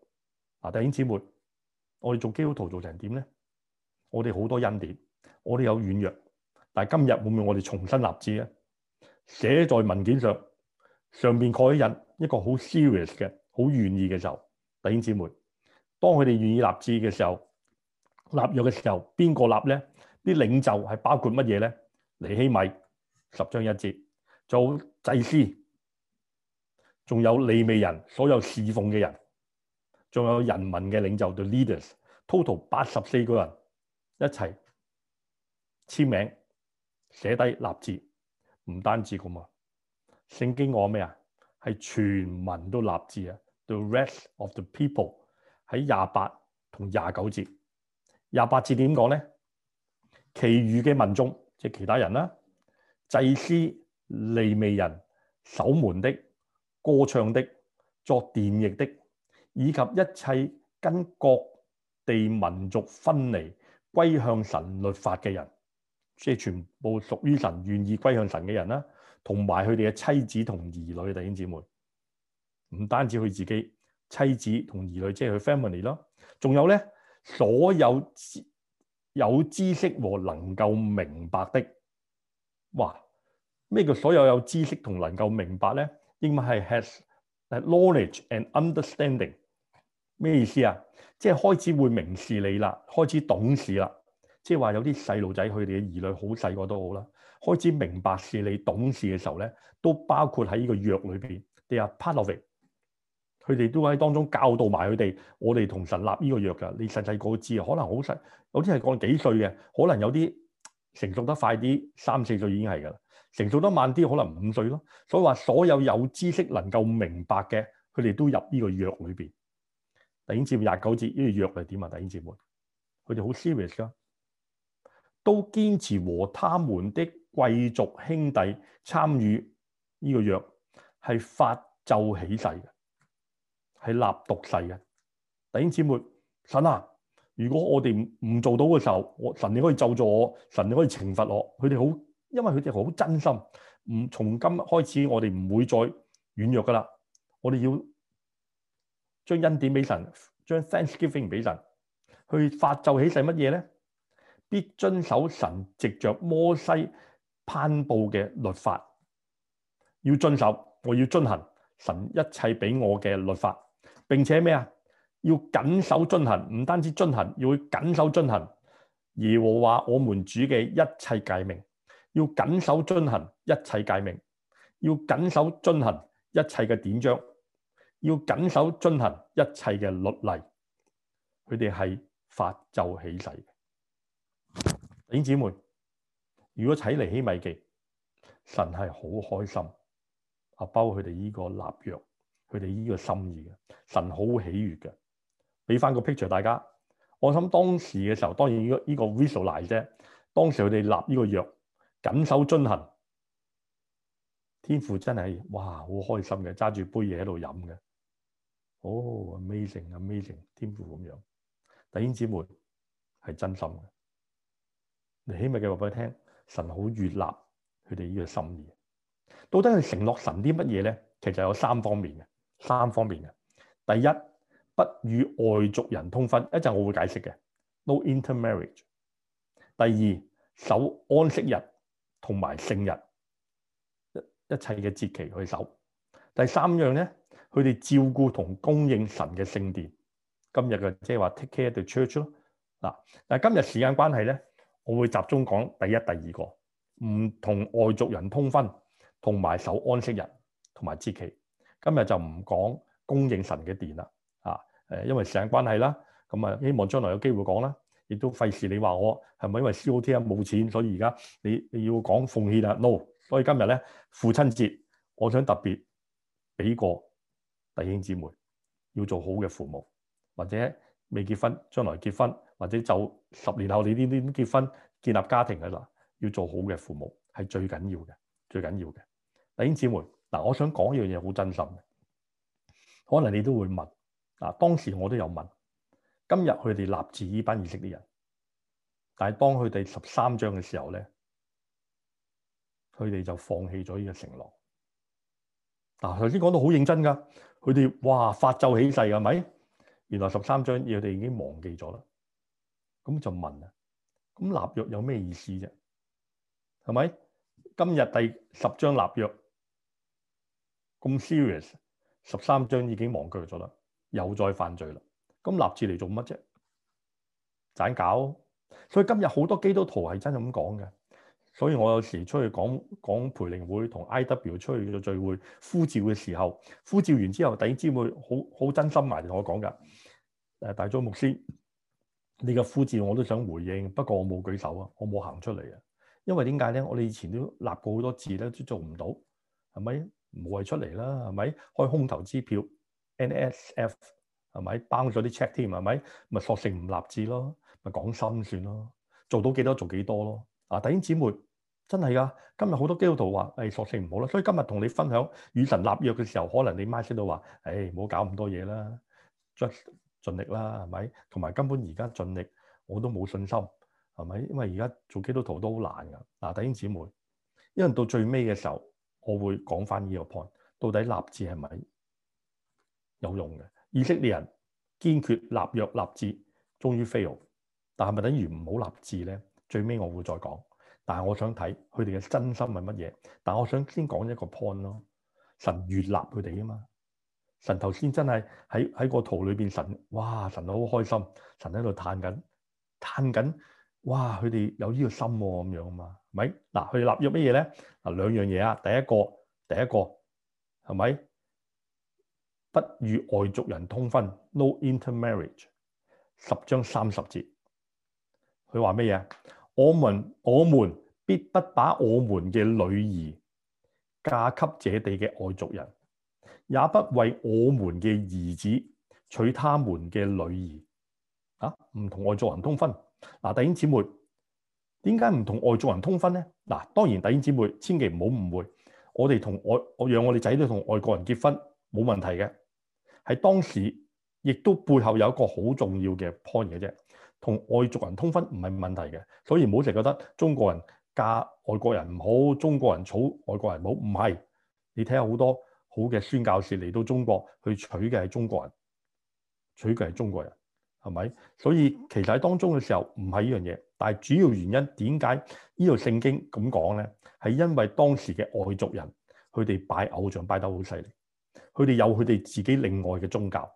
嗱，弟兄姊妹，我哋做基督徒做成點咧？我哋好多恩典，我哋有軟弱，但係今日會唔會我哋重新立志咧？寫在文件上，上邊蓋印，一個好 serious 嘅、好願意嘅時候。弟兄姊妹，當佢哋願意立志嘅時候，立約嘅時候，邊個立咧？啲領袖係包括乜嘢咧？尼希米十章一節，做祭司，仲有利未人，所有侍奉嘅人。仲有人民嘅領袖，叫 leaders，total 八十四個人一齊簽名寫低立字，唔單止咁啊！聖經講咩啊？係全民都立字啊！The rest of the people 喺廿八同廿九節，廿八節點講呢？其餘嘅民眾即、就是、其他人啦，祭司、利未人、守門的、歌唱的、作殿役的。以及一切跟各地民族分離、歸向神律法嘅人，即係全部屬於神、願意歸向神嘅人啦，同埋佢哋嘅妻子同兒女、弟兄姊妹，唔單止佢自己妻子同兒女，即係佢 family 咯，仲有咧所有知有知識和能夠明白的。哇，咩叫所有有知識同能夠明白咧？英文係 has 誒 knowledge and understanding。咩意思啊？即係開始會明事你啦，開始懂事啦。即係話有啲細路仔，佢哋嘅兒女好細個都好啦，開始明白事你懂事嘅時候咧，都包括喺呢個約裏邊。點啊？Part of it，佢哋都喺當中教導埋佢哋。我哋同神立呢個約㗎。你細細個都知啊，可能好細，有啲係講幾歲嘅，可能有啲成熟得快啲，三四歲已經係㗎啦。成熟得慢啲，可能五歲咯。所以話所有有知識能夠明白嘅，佢哋都入呢個約裏邊。弟兄姊妹廿九節呢，這個約係點啊？弟兄姊妹，佢哋好 serious 噶，都堅持和他們的貴族兄弟參與呢個約，係發咒起誓嘅，係立毒誓嘅。弟兄姊妹，神啊，如果我哋唔做到嘅時候，我神你可以咒詛我，神你可以懲罰我。佢哋好，因為佢哋好真心，唔從今日開始，我哋唔會再軟弱噶啦，我哋要。將恩典俾神，將 Thanksgiving 俾神，去發咒起誓乜嘢咧？必遵守神藉着摩西頒布嘅律法，要遵守，我要遵行神一切俾我嘅律法。並且咩啊？要謹守遵行，唔單止遵行，要謹守遵行耶和華我們主嘅一切誡命，要謹守遵行一切誡命，要謹守遵行一切嘅典章。要謹守遵行一切嘅律例，佢哋係發咒起誓嘅。弟兄姊妹，如果睇尼希米記，神係好開心，阿包括佢哋呢個立約，佢哋呢個心意嘅，神好喜悅嘅，俾翻個 picture 大家。我諗當時嘅時候，當然呢、這、呢個 visual 嚟啫。當時佢哋立呢個約，謹守遵行，天父真係哇好開心嘅，揸住杯嘢喺度飲嘅。哦，amazing，amazing，天賦咁樣。弟兄姊妹係真心嘅，你起碼嘅話俾佢聽，神好悦納佢哋呢個心意。到底係承諾神啲乜嘢咧？其實有三方面嘅，三方面嘅。第一，不與外族人通婚，一陣我會解釋嘅，no intermarriage。第二，守安息日同埋聖日，一一切嘅節期去守。第三樣咧。佢哋照顧同供應神嘅聖殿，今日嘅即係話 take care the church 咯、啊。但嗱，今日時間關係咧，我會集中講第一、第二個，唔同外族人通婚，同埋守安息日，同埋節期。今日就唔講供應神嘅殿啦，啊誒，因為時間關係啦，咁啊，希望將來有機會講啦，亦都費事你話我係咪因為 COT 啊冇錢，所以而家你，你要講奉獻啦、啊？No，所以今日咧父親節，我想特別俾個。弟兄姊妹，要做好嘅父母，或者未結婚，將來結婚，或者就十年後你呢啲結婚建立家庭嘅啦，要做好嘅父母係最緊要嘅，最緊要嘅。弟兄姊妹，嗱，我想講一樣嘢好真心，可能你都會問，嗱，當時我都有問，今日佢哋立志依班意識啲人，但係當佢哋十三章嘅時候咧，佢哋就放棄咗呢個承諾。嗱，頭先講到好認真㗎。佢哋哇，發咒起誓係咪？原來十三章佢哋已經忘記咗啦，咁就問啊，咁立約有咩意思啫？係咪？今日第十章立約咁 serious，十三章已經忘記咗啦，又再犯罪啦，咁立住嚟做乜啫？盞搞，所以今日好多基督徒係真係咁講嘅。所以我有時出去講講培靈會同 I.W. 出去嘅聚會呼召嘅時候，呼召完之後，弟兄姊妹好好真心埋同我講㗎。誒，大佐牧師，你個呼召我都想回應，不過我冇舉手啊，我冇行出嚟啊。因為點解咧？我哋以前都立過好多字咧，都做唔到，係咪唔會出嚟啦？係咪開空頭支票 N.S.F. 係咪包咗啲 check 添？係咪咪索性唔立字咯，咪講心算咯，做到幾多做幾多咯。啊，弟兄姊妹。真係㗎，今日好多基督徒話，誒、哎、索性唔好啦。所以今日同你分享與神立約嘅時候，可能你 Michael 話，誒、哎、唔好搞咁多嘢啦，盡盡力啦，係咪？同埋根本而家盡力我都冇信心，係咪？因為而家做基督徒都好難㗎。嗱、啊，弟兄姊妹，因為到最尾嘅時候，我會講翻呢個 point，到底立志係咪有用嘅？以色列人堅決立約立志，終於 fail，但係咪等於唔好立志咧？最尾我會再講。但係我想睇佢哋嘅真心係乜嘢。但係我想先講一個 point 咯。神越立佢哋啊嘛，神頭先真係喺喺個圖裏邊，神哇，神好開心，神喺度嘆緊，嘆緊，哇，佢哋有呢個心咁、啊、樣啊嘛，係咪？嗱，佢立咗乜嘢咧？嗱，兩樣嘢啊，第一個，第一個係咪不與外族人通婚？No intermarriage，十章三十節，佢話乜嘢？我們我們必不把我們嘅女兒嫁給這地嘅外族人，也不為我們嘅兒子娶他們嘅女兒。吓、啊，唔同外族人通婚。嗱、啊，弟兄姊妹，點解唔同外族人通婚呢？嗱、啊，當然，弟兄姊妹，千祈唔好誤會，我哋同外讓我養我哋仔女同外國人結婚冇問題嘅，喺當時亦都背後有一個好重要嘅 point 嘅啫。同外族人通婚唔係問題嘅，所以唔好成日覺得中國人嫁外國人唔好，中國人娶外國人唔好。唔係你睇下好多好嘅宣教士嚟到中國去娶嘅係中國人，娶嘅係中國人，係咪？所以其實喺當中嘅時候唔係呢樣嘢，但係主要原因點解呢度聖經咁講咧？係因為當時嘅外族人佢哋拜偶像拜得好犀利，佢哋有佢哋自己另外嘅宗教，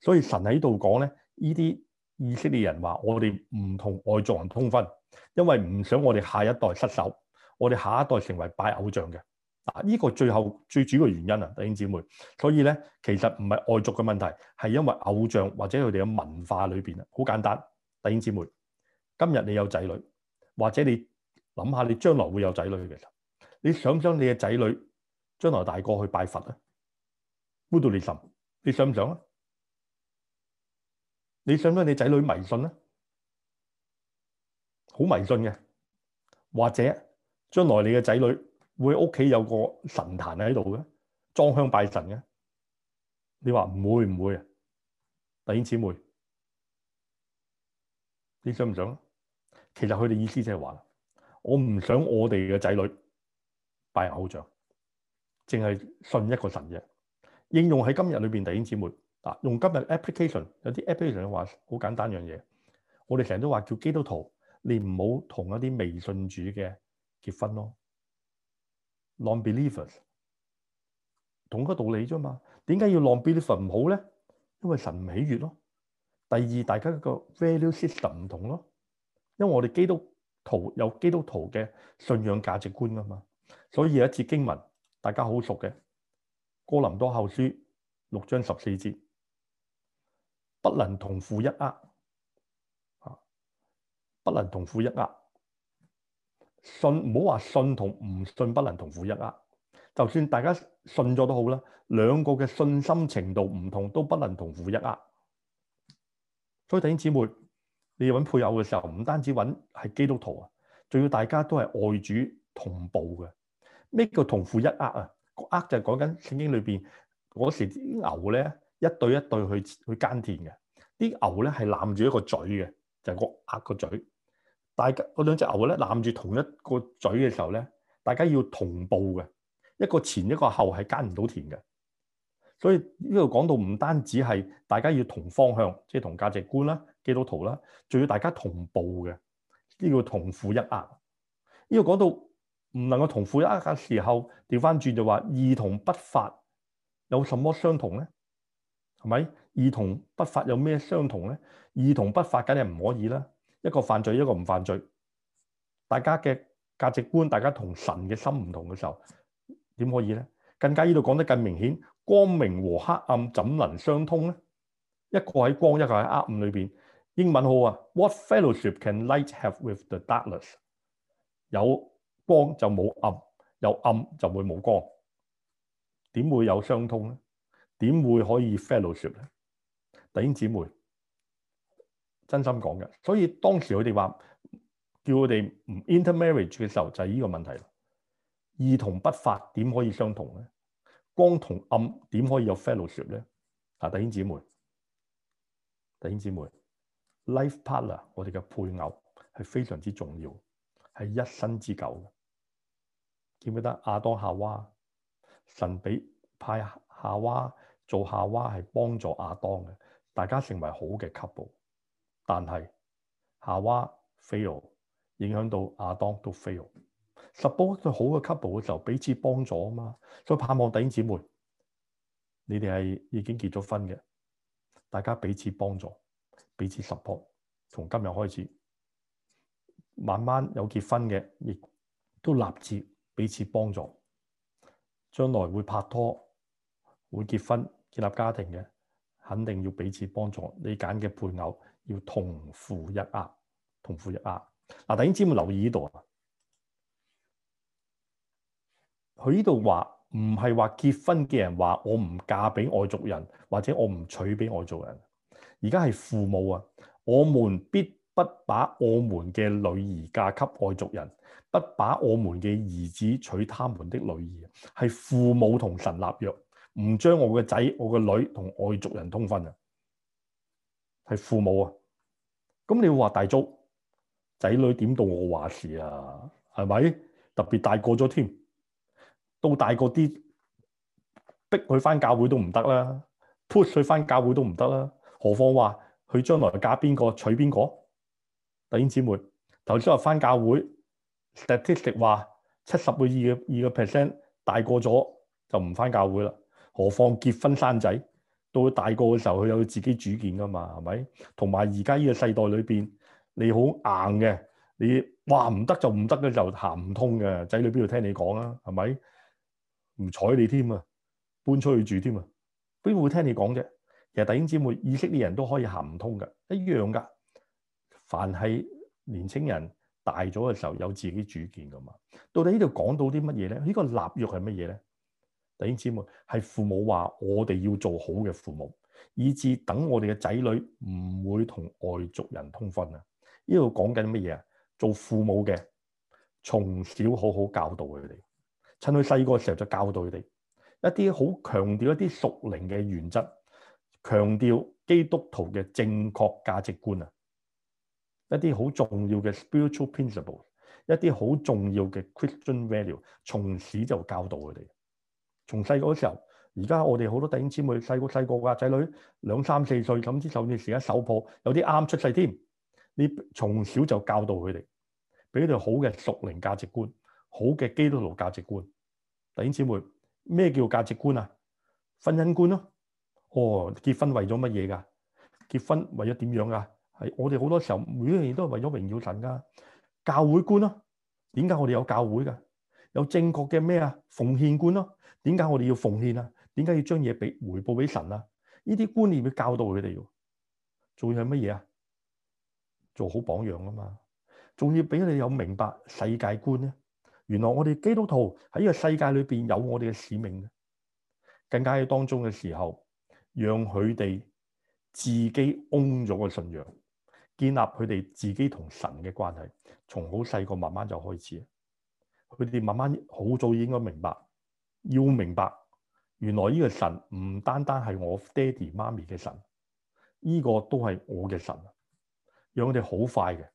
所以神喺度講咧呢啲。以色列人話：我哋唔同外族人通婚，因為唔想我哋下一代失守，我哋下一代成為拜偶像嘅。嗱，呢個最後最主要嘅原因啊，弟兄姊妹。所以咧，其實唔係外族嘅問題，係因為偶像或者佢哋嘅文化裏邊啊，好簡單，弟兄姊妹。今日你有仔女，或者你諗下你將來會有仔女嘅時候，你想唔想你嘅仔女將來大個去拜佛啊？摩度尼神，你想唔想啊？你想唔想你仔女迷信咧？好迷信嘅，或者將來你嘅仔女會屋企有個神壇喺度嘅，裝香拜神嘅？你話唔會唔會啊？弟兄姊妹，你想唔想咧？其實佢哋意思即係話，我唔想我哋嘅仔女拜偶像，淨係信一個神啫。應用喺今日裏邊，弟兄姊妹。啊！用今日 application 有啲 application 話好簡單樣嘢，我哋成日都話叫基督徒，你唔好同一啲未信主嘅結婚咯。Non-believers，同一個道理啫嘛。點解要 non-believer 唔好咧？因為神唔喜悅咯。第二，大家個 value system 唔同咯，因為我哋基督徒有基督徒嘅信仰價值觀啊嘛。所以有一節經文，大家好熟嘅《哥林多後書》六章十四節。不能同負一軛啊！不能同負一軛，信唔好話信同唔信不能同負一軛。就算大家信咗都好啦，兩個嘅信心程度唔同都不能同負一軛。所以弟兄姊妹，你揾配偶嘅時候唔單止揾係基督徒啊，仲要大家都係外主同步嘅。咩叫同負一軛啊？軛就係講緊聖經裏邊嗰時啲牛咧。一對一對去去耕田嘅，啲牛咧係攬住一個嘴嘅，就係個軛個嘴。大家嗰兩隻牛咧攬住同一個嘴嘅時候咧，大家要同步嘅，一個前一個後係耕唔到田嘅。所以呢度講到唔單止係大家要同方向，即係同價值觀啦、基督徒啦，仲要大家同步嘅，呢、這個同負一軛。呢個講到唔能夠同負一軛嘅時候，調翻轉就話義同不義，有什麼相同咧？係咪？義同不法有咩相同咧？義同不法梗係唔可以啦。一個犯罪，一個唔犯罪。大家嘅價值觀，大家同神嘅心唔同嘅時候，點可以咧？更加呢度講得更明顯，光明和黑暗怎能相通咧？一個喺光，一個喺黑暗裏邊。英文好啊，What fellowship can light have with the darkness？有光就冇暗，有暗就會冇光，點會有相通咧？點會可以 fellowship 咧？弟兄姊妹，真心講嘅，所以當時佢哋話叫我哋唔 intermarriage 嘅時候，就係呢個問題啦。異同不發，點可以相同咧？光同暗點可以有 fellowship 咧？啊，弟兄姊妹，弟兄姊妹，life partner 我哋嘅配偶係非常之重要，係一生之久。記唔記得亞當夏娃？神俾派夏娃。做夏娃係幫助亞當嘅，大家成為好嘅 couple 但。但係夏娃 fail，影響到亞當都 fail。support 一個好嘅 couple 嘅時候，彼此幫助啊嘛。所以盼望弟兄姊妹，你哋係已經結咗婚嘅，大家彼此幫助，彼此 support。從今日開始，慢慢有結婚嘅，亦都立志彼此幫助，將來會拍拖。會結婚建立家庭嘅，肯定要彼此幫助。你揀嘅配偶要同負一軛，同負一軛嗱。等一啲留意呢度啊！佢呢度話唔係話結婚嘅人話我唔嫁俾外族人，或者我唔娶俾外族人。而家係父母啊，我們必不把我們嘅女兒嫁給外族人，不把我們嘅兒子娶他們的女兒。係父母同神立約。唔將我嘅仔、我嘅女同外族人通婚啊！係父母啊，咁你會話大租仔女點到我話事啊？係咪？特別大個咗添，到大個啲，逼佢翻教會都唔得啦，push 佢翻教會都唔得啦，何況話佢將來嫁邊個娶邊個？弟兄姊妹，頭先話翻教會，statistic 話七十個二嘅二嘅 percent 大個咗就唔翻教會啦。何況結婚生仔，到大個嘅時候，佢有自己主見噶嘛，係咪？同埋而家呢個世代裏邊，你好硬嘅，你話唔得就唔得嘅，就行唔通嘅，仔女邊度聽你講啊？係咪？唔睬你添啊，搬出去住添啊，邊會聽你講啫？其實弟兄姊妹，以色列人都可以行唔通嘅，一樣噶。凡係年青人大咗嘅時候，有自己主見噶嘛。到底到呢度講到啲乜嘢咧？呢、呢個立約係乜嘢咧？弟兄姊妹，係父母話我哋要做好嘅父母，以至等我哋嘅仔女唔會同外族人通婚啊！呢度講緊乜嘢啊？做父母嘅，從小好好教導佢哋，趁佢細個時候就教導佢哋一啲好強調一啲屬靈嘅原則，強調基督徒嘅正確價值觀啊！一啲好重要嘅 spiritual principles，一啲好重要嘅 Christian value，從此就教導佢哋。從細個嗰時候，而家我哋好多弟兄姊妹細個細個㗎，仔女兩三四歲咁之後，你而家手破有啲啱出世添。你從小就教導佢哋，俾佢哋好嘅屬靈價值觀，好嘅基督徒價值觀。弟兄姊妹，咩叫價值觀啊？婚姻觀咯、啊。哦，結婚為咗乜嘢㗎？結婚為咗點樣㗎？係我哋好多時候，每一樣嘢都係為咗榮耀神㗎。教會觀咯、啊。點解我哋有教會㗎？有正確嘅咩啊？奉獻觀咯、啊，點解我哋要奉獻啊？點解要將嘢俾回報俾神啊？呢啲觀念要教導佢哋，要仲有乜嘢啊？做好榜樣啊嘛！仲要俾佢哋有明白世界觀咧。原來我哋基督徒喺呢個世界裏邊有我哋嘅使命嘅，更加喺當中嘅時候，讓佢哋自己 own 咗個信仰，建立佢哋自己同神嘅關係，從好細個慢慢就開始。佢哋慢慢好早，應該明白，要明白，原來呢個神唔單單係我爹哋媽咪嘅神，呢、這個都係我嘅神。讓佢哋好快嘅，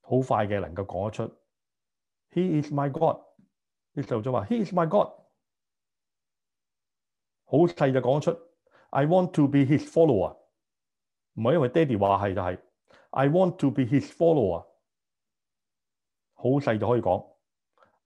好快嘅能夠講得出，He is my God。你細路仔話，He is my God。好細就講得出，I want to be his follower。唔係因為爹哋話係就係、是、，I want to be his follower。好細就可以講。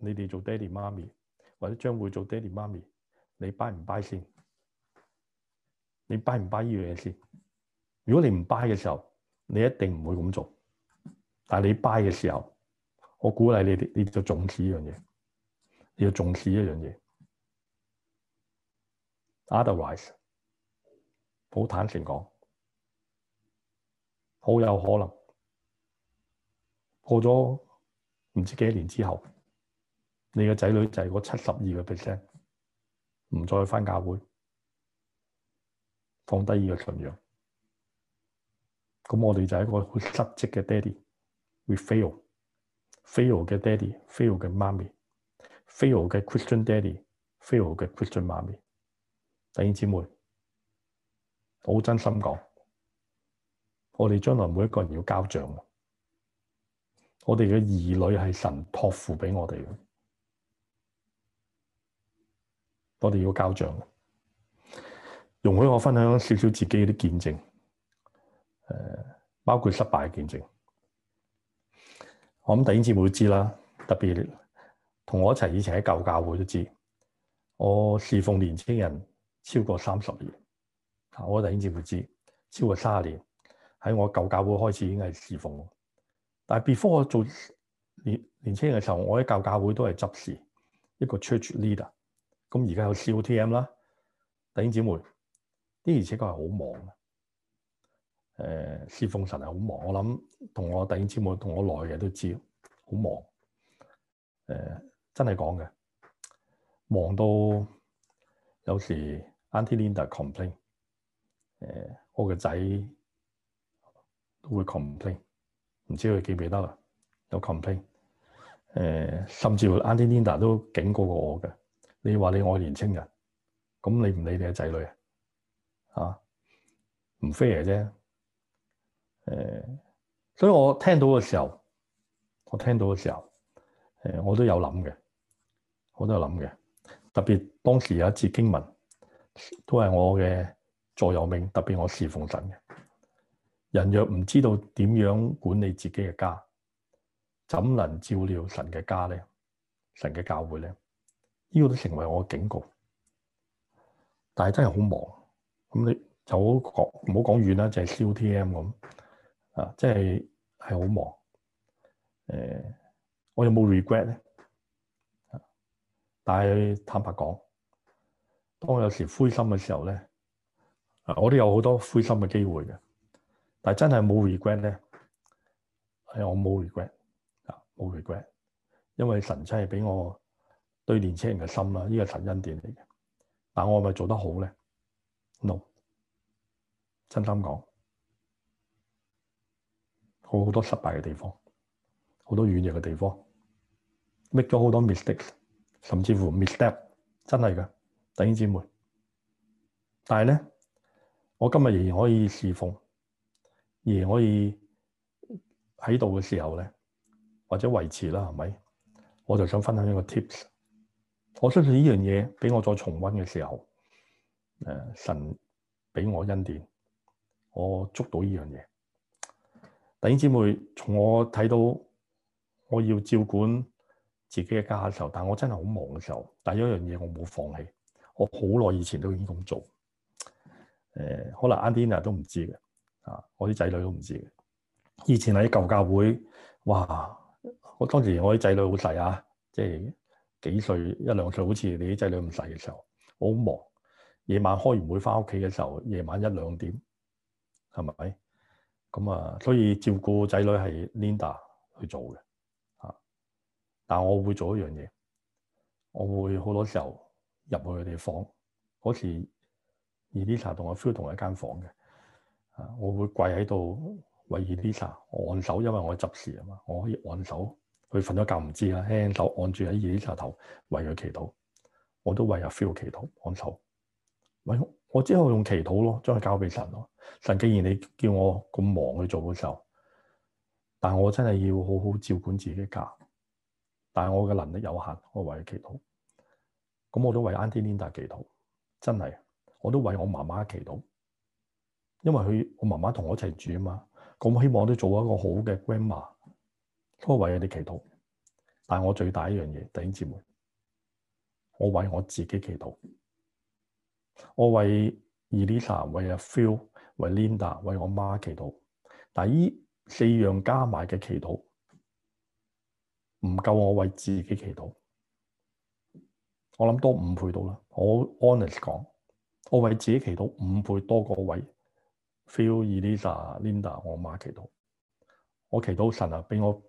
你哋做爹哋媽咪，或者將會做爹哋媽咪，你拜唔拜先？你拜唔拜呢樣嘢先？如果你唔拜嘅時候，你一定唔會咁做。但係你拜嘅時候，我鼓勵你哋，你就重視呢樣嘢，你要重視呢樣嘢。Otherwise，好坦誠講，好有可能過咗唔知幾年之後。你嘅仔女就係嗰七十二個 percent，唔再返教會，放低呢個信仰。咁我哋就係一個好失職嘅爹哋，fail fail 嘅爹哋，fail 嘅媽咪，fail 嘅 Christian 爹哋，fail 嘅 Christian 媽咪。弟兄姊妹，我好真心講，我哋將來每一個人要交賬。我哋嘅兒女係神託付俾我哋嘅。我哋要交賬容許我分享少少自己啲見證、呃，包括失敗嘅見證。我諗弟兄姊妹會知啦，特別同我一齊以前喺舊教會都知。我侍奉年青人超過三十年，嚇我弟兄姊妹知，超過三十年喺我舊教會開始已經係侍奉。但係 before 我做年年青人嘅時候，我喺舊教,教會都係執事，一個 church leader。咁而家有 COTM 啦，弟兄姊妹啲，而且確係好忙嘅。誒、呃，司風神係好忙，我諗同我弟兄姊妹同我嚟嘅都知好忙。誒、呃，真係講嘅忙到有時 Auntie Linda complain，誒、呃，我嘅仔都會 complain，唔知佢記唔記得啦，都 complain、呃。誒，甚至乎 Auntie Linda 都警告過我嘅。你話你愛年輕人，咁你唔理你嘅仔女啊？啊，唔 fair 啫、呃。所以我聽到嘅時候，我聽到嘅時候、呃，我都有諗嘅，我都有諗嘅。特別當時有一次經文，都係我嘅座右銘，特別我侍奉神嘅，人若唔知道點樣管理自己嘅家，怎能照料神嘅家呢？神嘅教會呢？呢個都成為我嘅警告，但係真係好忙，咁你就好講，唔好講遠啦，就係 COTM 咁啊，即係係好忙。誒、呃，我有冇 regret 呢？啊、但係坦白講，當我有時灰心嘅時候呢，啊、我都有好多灰心嘅機會嘅，但係真係冇 regret 呢？係、哎、我冇 regret 啊，冇 regret，因為神真係俾我。對年輕人嘅心啦，呢個神恩典嚟嘅。但係我係咪做得好呢？No，真心講，好多失敗嘅地方，好多軟弱嘅地方，make 咗好多 mistakes，甚至乎 mistake，真係嘅，弟兄姊妹。但係呢，我今日仍然可以侍奉，仍然可以喺度嘅時候呢，或者維持啦，係咪？我就想分享一個 tips。我相信依樣嘢，俾我再重溫嘅時候，神俾我恩典，我捉到依樣嘢。弟兄姊妹，從我睇到我要照管自己嘅家嘅時候，但我真係好忙嘅時候，但有一樣嘢我冇放棄，我好耐以前都已經咁做。呃，可能 Andy 都唔知嘅，我啲仔女都唔知嘅。以前喺舊教會，哇，我當時我啲仔女好細啊，即係。幾歲一兩歲，好似你啲仔女咁細嘅時候，好忙。夜晚開完會翻屋企嘅時候，夜晚一兩點，係咪？咁啊，所以照顧仔女係 Linda 去做嘅。嚇、啊，但係我會做一樣嘢，我會好多時候入去佢哋房，好似 Elisha 同我 feel 同一間房嘅。啊，我會跪喺度為 Elisha 按手，因為我係執事啊嘛，我可以按手。佢瞓咗覺唔知啦，輕輕手按住喺耳仔頭，為佢祈禱，我都為阿 Phil 祈禱幫手。喂，我之後用祈禱咯，將佢交俾神咯。神，既然你叫我咁忙去做嘅時候，但我真係要好好照管自己家。但係我嘅能力有限，我為佢祈禱。咁我都為 Auntie Linda 祈禱，真係我都為我媽媽祈禱，因為佢我媽媽同我一齊住啊嘛。咁希望都做一個好嘅 grandma。我為佢哋祈禱，但係我最大一樣嘢，弟兄姊妹，我為我自己祈禱，我為 Elisa、為阿 Phil、為 Linda、為我媽媽祈禱。但係呢四樣加埋嘅祈禱唔夠我為自己祈禱，我諗多五倍到啦。我 honest 講，我為自己祈禱五倍多過為 Phil、Elisa、Linda、我媽媽祈禱。我祈禱神啊，畀我。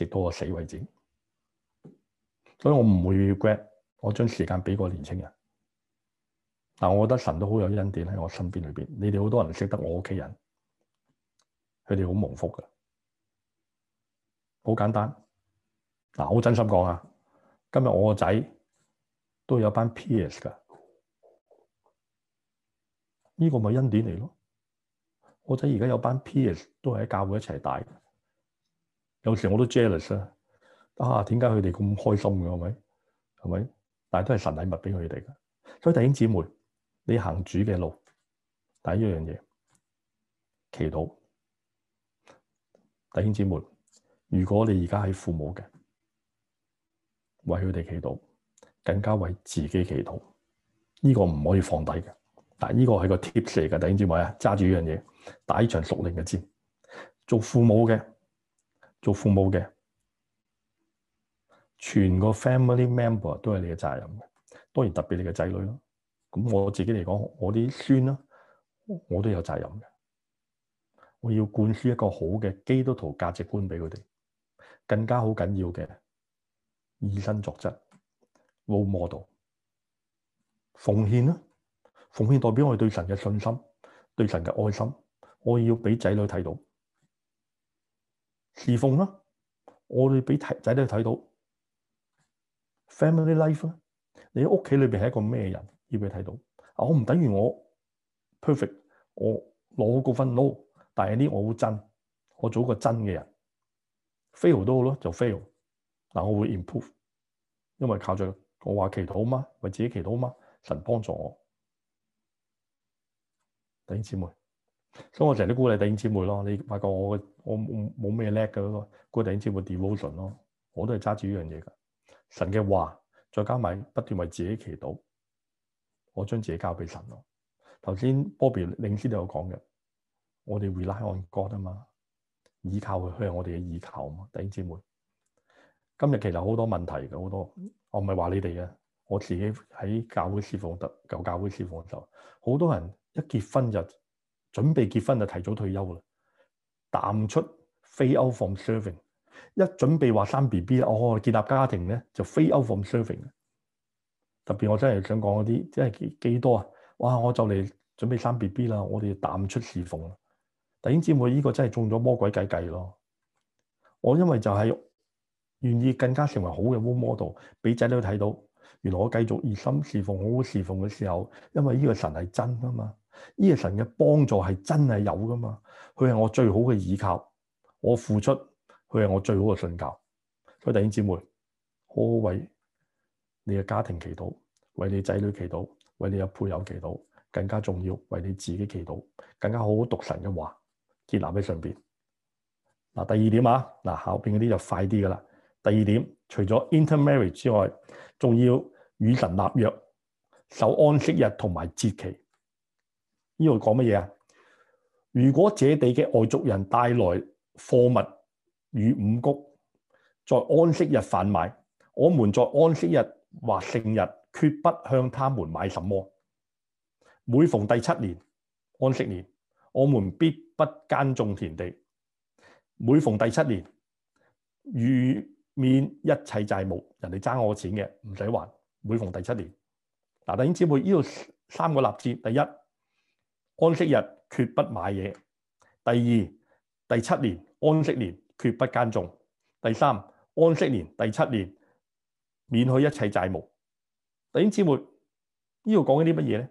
直到我死為止，所以我唔會 regret。我將時間俾個年青人，但我覺得神都好有恩典喺我身邊裏邊。你哋好多人識得我屋企人，佢哋好蒙福噶。好簡單，嗱，好真心講啊，今日我個仔都有班 peers 噶，呢個咪恩典嚟咯。我仔而家有班 peers 都係喺教會一齊大。有時我都 jealous 啊！啊，點解佢哋咁開心嘅？係咪？係咪？但係都係神禮物俾佢哋嘅。所以弟兄姊妹，你行主嘅路，第一樣嘢祈禱。弟兄姊妹，如果你而家係父母嘅，為佢哋祈禱，更加為自己祈禱。呢個唔可以放低嘅。但係呢個係個 tips 嚟嘅，弟兄姊妹啊，揸住呢樣嘢打呢場屬靈嘅戰。做父母嘅。做父母嘅，全個 family member 都係你嘅責任嘅。當然特別你嘅仔女咯。咁我自己嚟講，我啲孫啦，我都有責任嘅。我要灌輸一個好嘅基督徒價值觀俾佢哋。更加好緊要嘅，以身作則，做 model 奉。奉獻啦，奉獻代表我哋對神嘅信心，對神嘅愛心。我要俾仔女睇到。侍奉啦，我哋畀仔仔都睇到 family life 啦。你屋企裏邊係一個咩人要俾你睇到？我唔等於我,我 perfect，我攞好份 law 但係呢我好真，我做一個真嘅人。fail 都好咯，就 fail。但，我會 improve，因為靠著我話祈禱嘛，為自己祈禱嘛，神幫助我。等於姊妹。所以我成日都鼓勵弟兄姊妹咯。你發覺我我冇咩叻嘅，嗰個鼓勵弟兄姊妹 devotion 咯，我都係揸住呢樣嘢噶，神嘅話，再加埋不斷為自己祈禱，我將自己交俾神咯。頭先 Bobby 領師都有講嘅，我哋 rely on God 啊嘛，依靠佢，佢係我哋嘅依靠嘛。弟兄姊妹，今日其實好多問題嘅，好多我唔係話你哋嘅，我自己喺教會侍奉得，舊教會侍奉就好多人一結婚就，準備結婚就提早退休啦，淡出。fade out from serving。一準備話生 B B，哦，建立家庭咧就 fade out from serving。特別我真係想講嗰啲，真係幾多啊？哇！我就嚟準備生 B B 啦，我哋淡出侍奉。突然之，妹，呢個真係中咗魔鬼計計咯。我因為就係願意更加成為好嘅 model，俾仔女睇到，原來我繼續熱心侍奉，好好侍奉嘅時候，因為呢個神係真啊嘛。耶神嘅幫助係真係有噶嘛？佢係我最好嘅倚靠，我付出，佢係我最好嘅信教。所以弟兄姊妹，好好為你嘅家庭祈禱，為你仔女祈禱，為你嘅配偶祈禱，更加重要，為你自己祈禱，更加好好讀神嘅話，建立喺上邊。嗱，第二點啊，嗱下邊嗰啲就快啲噶啦。第二點，除咗 intermarriage 之外，仲要與神立約，守安息日同埋節期。呢度講乜嘢啊？如果這地嘅外族人帶來貨物與五穀，在安息日販賣，我們在安息日或聖日，決不向他們買什麼。每逢第七年安息年，我們必不耕種田地。每逢第七年，遇免一切債務，人哋爭我的錢嘅唔使還。每逢第七年，嗱，弟兄姐妹，呢度三個立志，第一。安息日決不買嘢。第二第七年安息年決不耕種。第三安息年第七年免去一切債務。弟兄姊妹，呢度講緊啲乜嘢咧？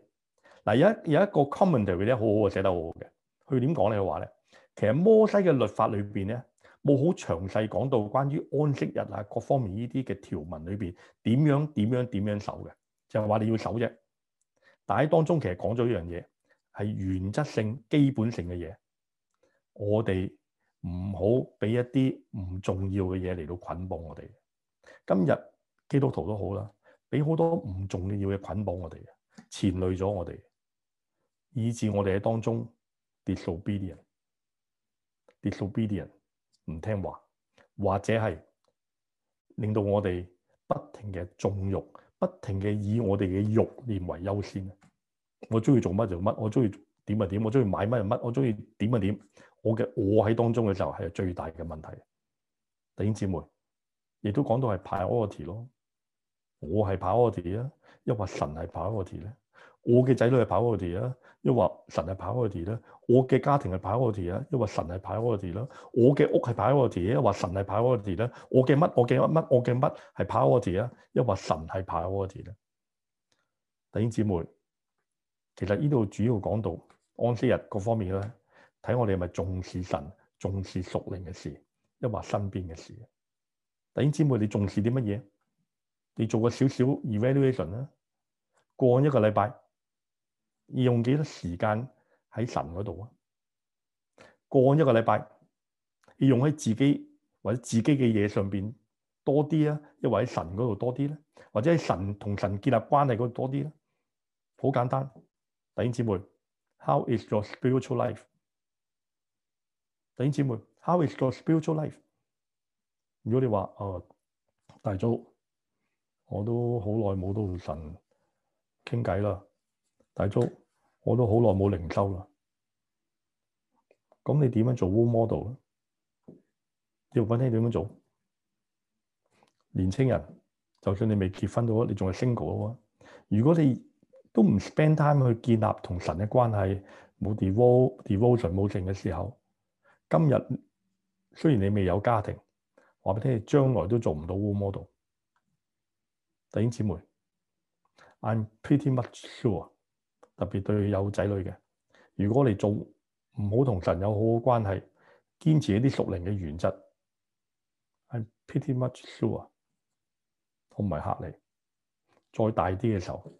嗱，有一有一個 commentary 咧，好好啊寫得好好嘅。佢點講咧嘅話咧，其實摩西嘅律法裏邊咧冇好詳細講到關於安息日啊各方面呢啲嘅條文裏邊點樣點樣點樣守嘅，就係話你要守啫。但喺當中其實講咗一樣嘢。係原則性、基本性嘅嘢，我哋唔好俾一啲唔重要嘅嘢嚟到捆綁我哋。今日基督徒都好啦，俾好多唔重要嘅捆綁我哋，纏累咗我哋，以致我哋喺當中 disobedient，disobedient，唔聽話，或者係令到我哋不停嘅縱慾，不停嘅以我哋嘅慾念為優先，我中意做乜就乜，我中意點就點，我中意買乜就乜，我中意點就點。我嘅我喺當中嘅時候係最大嘅問題。弟兄姊妹，亦都講到係 priority 咯。我係 priority 啊，抑或神係 priority 咧？我嘅仔女係 priority 啊，抑或神係 priority 咧？我嘅家庭係 priority 啊，抑或神係 priority 啦？我嘅屋係 priority 啊，抑或神係 priority 咧？我嘅乜我嘅乜我嘅乜係 priority 啊，抑或神係 priority 咧？弟兄姊妹。其實呢度主要講到安息日各方面咧，睇我哋係咪重視神、重視屬靈嘅事，一或身邊嘅事。弟兄姊妹，你重視啲乜嘢？你做個少少 evaluation 啦。過一個禮拜，要用幾多時間喺神嗰度啊？過一個禮拜，要用喺自己或者自己嘅嘢上邊多啲啊，一或喺神嗰度多啲咧，或者喺神同神，神建立關係嗰度多啲咧，好簡單。弟兄姊妹，how is your spiritual life？弟兄姊妹，how is your spiritual life？如果你話啊，呃，大租，我都好耐冇同神傾偈啦，大租，我都好耐冇靈修啦，咁你點樣做 role model 咧？要問你點樣做？年青人，就算你未結婚到啊，你仲係 single 啊，如果你都唔 spend time 去建立同神嘅關係，冇 devote devotion 冇淨嘅時候，今日雖然你未有家庭，話俾你聽，將來都做唔到 role model。弟兄姊妹，I'm pretty much sure，特別對有仔女嘅，如果你做唔好同神有好好關係，堅持一啲屬靈嘅原則，I'm pretty much sure，我唔係吓你，再大啲嘅時候。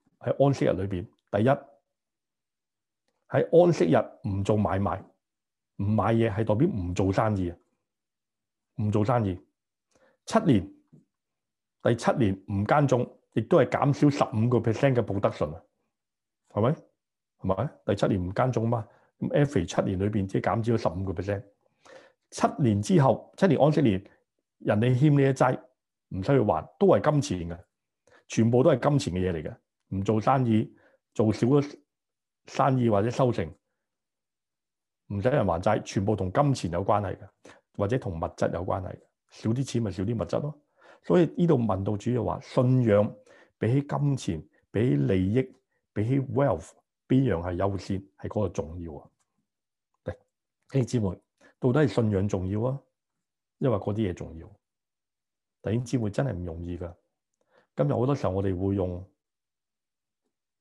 喺安息日裏邊，第一喺安息日唔做買賣，唔買嘢係代表唔做生意啊，唔做生意七年，第七年唔耕種，亦都係減少十五個 percent 嘅 production 啊，係咪係咪？第七年唔耕種嘛，咁 every 七年裏邊即係減少咗十五個 percent。七年之後，七年安息年，人哋欠你嘅債唔需要還，都係金錢嘅，全部都係金錢嘅嘢嚟嘅。唔做生意，做少咗生意或者收成，唔使人還債，全部同金錢有關係嘅，或者同物質有關係。少啲錢咪少啲物質咯。所以呢度問到主要話：信仰比起金錢，比起利益，比起 wealth，邊樣係優先係嗰個重要啊？弟兄、欸、姊妹，到底係信仰重要啊，抑或嗰啲嘢重要？弟兄姊妹真係唔容易噶。今日好多時候我哋會用。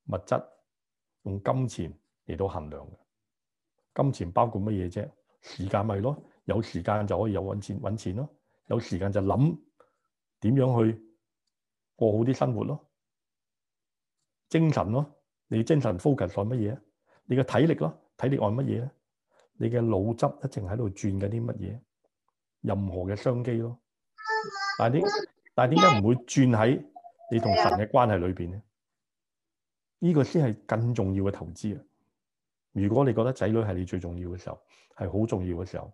物質用金錢嚟到衡量嘅。金錢包括乜嘢啫？時間咪咯，有時間就可以有揾錢，揾錢咯。有時間就諗點樣去過好啲生活咯。精神咯，你嘅精神 focus 在乜嘢？你嘅體力咯，體力按乜嘢？你嘅腦汁一直喺度轉緊啲乜嘢？任何嘅商機咯。但係點？但係點解唔會轉喺你同神嘅關係裏面？呢個先係更重要嘅投資啊！如果你覺得仔女係你最重要嘅時候，係好重要嘅時候，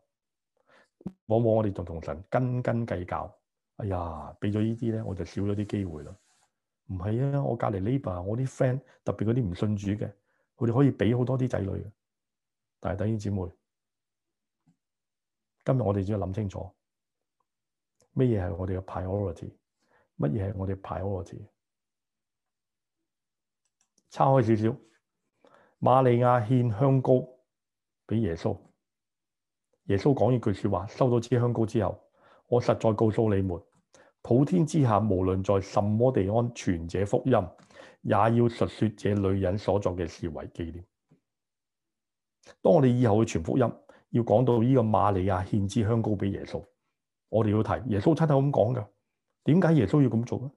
往往我哋同同神斤斤計較。哎呀，俾咗呢啲咧，我就少咗啲機會啦。唔係啊，我隔離呢排，我啲 friend 特別嗰啲唔信主嘅，佢哋可以俾好多啲仔女。但係，弟兄姊妹，今日我哋只要諗清楚，乜嘢係我哋嘅 priority，乜嘢係我哋 priority。差開少少，瑪利亞獻香膏俾耶穌。耶穌講一句說話，收到支香膏之後，我實在告訴你們，普天之下無論在什麼地方傳這福音，也要述說這女人所作嘅事為紀念。當我哋以後去傳福音，要講到呢個瑪利亞獻支香膏俾耶穌，我哋要提耶穌親口咁講噶。點解耶穌要咁做啊？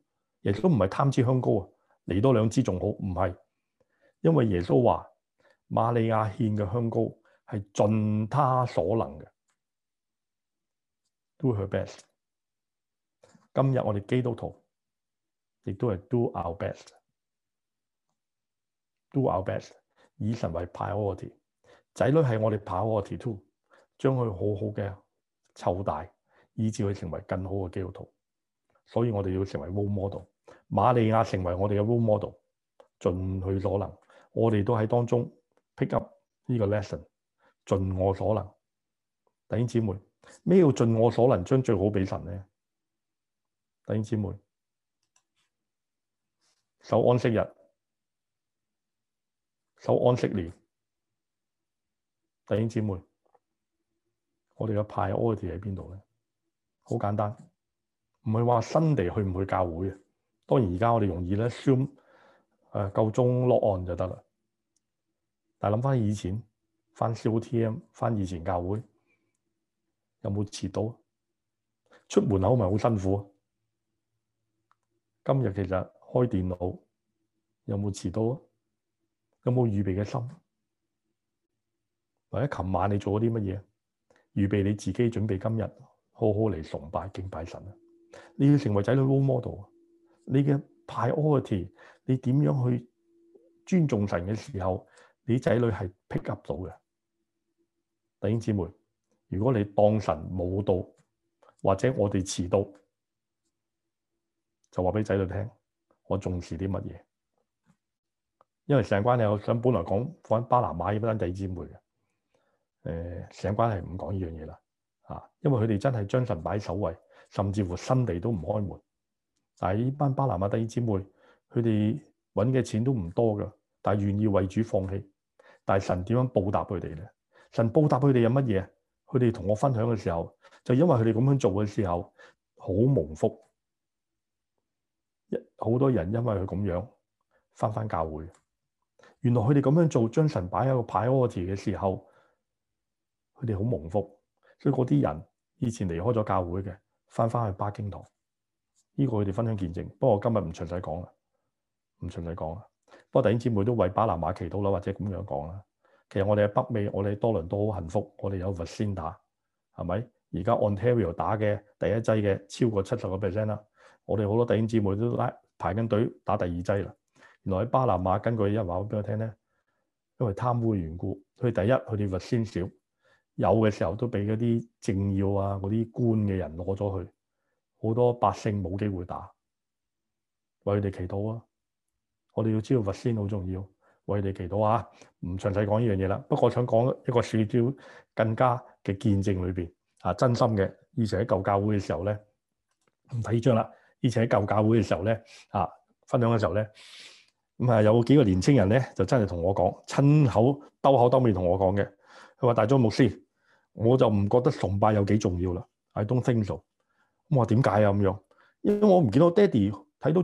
耶穌唔係貪支香膏啊。嚟多兩支仲好，唔係，因為耶穌話瑪利亞獻嘅香膏係盡他所能嘅，do her best。今日我哋基督徒亦都係 do our best，do our best，以神為 priority，仔女係我哋 priority too，將佢好好嘅湊大，以至佢成為更好嘅基督徒。所以我哋要成為 role model。瑪利亞成為我哋嘅 role model，盡佢所能，我哋都喺當中 pick up 呢個 lesson，盡我所能。弟兄姊妹，咩叫盡我所能將最好俾神呢？弟兄姊妹，守安息日，守安息年。弟兄姊妹，我哋嘅 priority 喺邊度呢？好簡單，唔係話新地去唔去教會當然，而家我哋容易咧 assume 夠鐘落案就得啦。但係諗翻以前翻 C.O.T.M. 翻以前教會有冇遲到？出門口係咪好辛苦，啊？今日其實開電腦有冇遲到啊？有冇預備嘅心？或者琴晚你做咗啲乜嘢？預備你自己準備今日好好嚟崇拜敬拜神，啊，你要成為仔女 role model 你嘅 priority，你點樣去尊重神嘅時候，你仔女係 pick up 到嘅。弟兄姊妹，如果你當神冇到，或者我哋遲到，就話俾仔女聽，我重視啲乜嘢？因為上關係我想本來講放喺巴拿馬呢班弟姊妹嘅，誒、呃、上關係唔講呢樣嘢啦，啊，因為佢哋真係將神擺喺首位，甚至乎新地都唔開門。但係呢班巴拿馬弟兄姊妹，佢哋揾嘅錢都唔多㗎，但係願意為主放棄。但係神點樣報答佢哋呢？神報答佢哋有乜嘢？佢哋同我分享嘅時候，就因為佢哋咁樣做嘅時候好蒙福，好多人因為佢咁樣返返教會。原來佢哋咁樣做，將神擺喺個 priority 嘅時候，佢哋好蒙福，所以嗰啲人以前離開咗教會嘅，返返去巴京堂。呢個佢哋分享見證，不過我今日唔詳細講啦，唔詳細講啦。不過弟兄姊妹都為巴拿馬祈禱啦，或者咁樣講啦。其實我哋喺北美，我哋多倫多好幸福，我哋有 vaccine 打，係咪？而家 Ontario 打嘅第一劑嘅超過七十個 percent 啦。我哋好多弟兄姊妹都拉排緊隊打第二劑啦。原來喺巴拿馬，根據一話俾我聽咧，因為貪污嘅緣故，佢第一佢哋 vaccine 少，有嘅時候都俾嗰啲政要啊、嗰啲官嘅人攞咗去。好多百姓冇機會打，為佢哋祈禱啊！我哋要知道佛先好重要，為佢哋祈禱啊！唔詳細講呢樣嘢啦，不過想講一個樹雕更加嘅見證裏邊啊，真心嘅以前喺舊教會嘅時候咧，唔睇呢張啦。以前喺舊教會嘅時候咧啊，分享嘅時候咧，咁、嗯、啊有幾個年青人咧就真係同我講，親口兜口兜面同我講嘅，佢話：大鐘牧師，我就唔覺得崇拜有幾重要啦，I don't think so。」我話點解啊咁樣？因為我唔見到爹哋睇到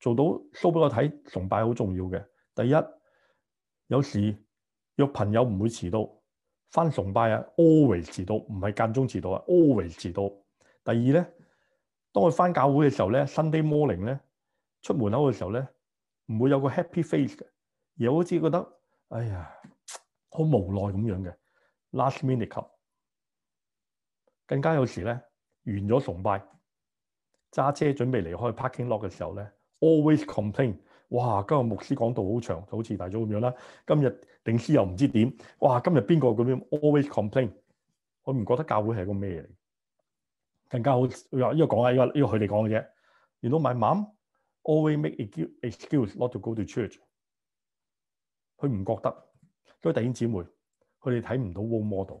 做到 show 俾我睇，崇拜好重要嘅。第一，有時約朋友唔會遲到，翻崇拜啊，always 遲到，唔係間中遲到啊，always 遲到。第二咧，當佢翻教會嘅時候咧，Sunday morning 咧，出門口嘅時候咧，唔會有個 happy face 嘅，而好似覺得哎呀好無奈咁樣嘅 last minute cup，更加有時咧。完咗崇拜，揸車準備離開 parking lot 嘅時候咧，always complain，哇！今日牧師講到好長，就好似大早咁樣啦。今日領詩又唔知點，哇！今日邊個咁樣？always complain，我唔覺得教會係一個咩嚟？更加好，呢依家講啦，依家依佢哋講嘅啫。原、這、來、個這個、you know my mum always make excuse not to go to church，佢唔覺得。所以弟兄姊妹，佢哋睇唔到 role model。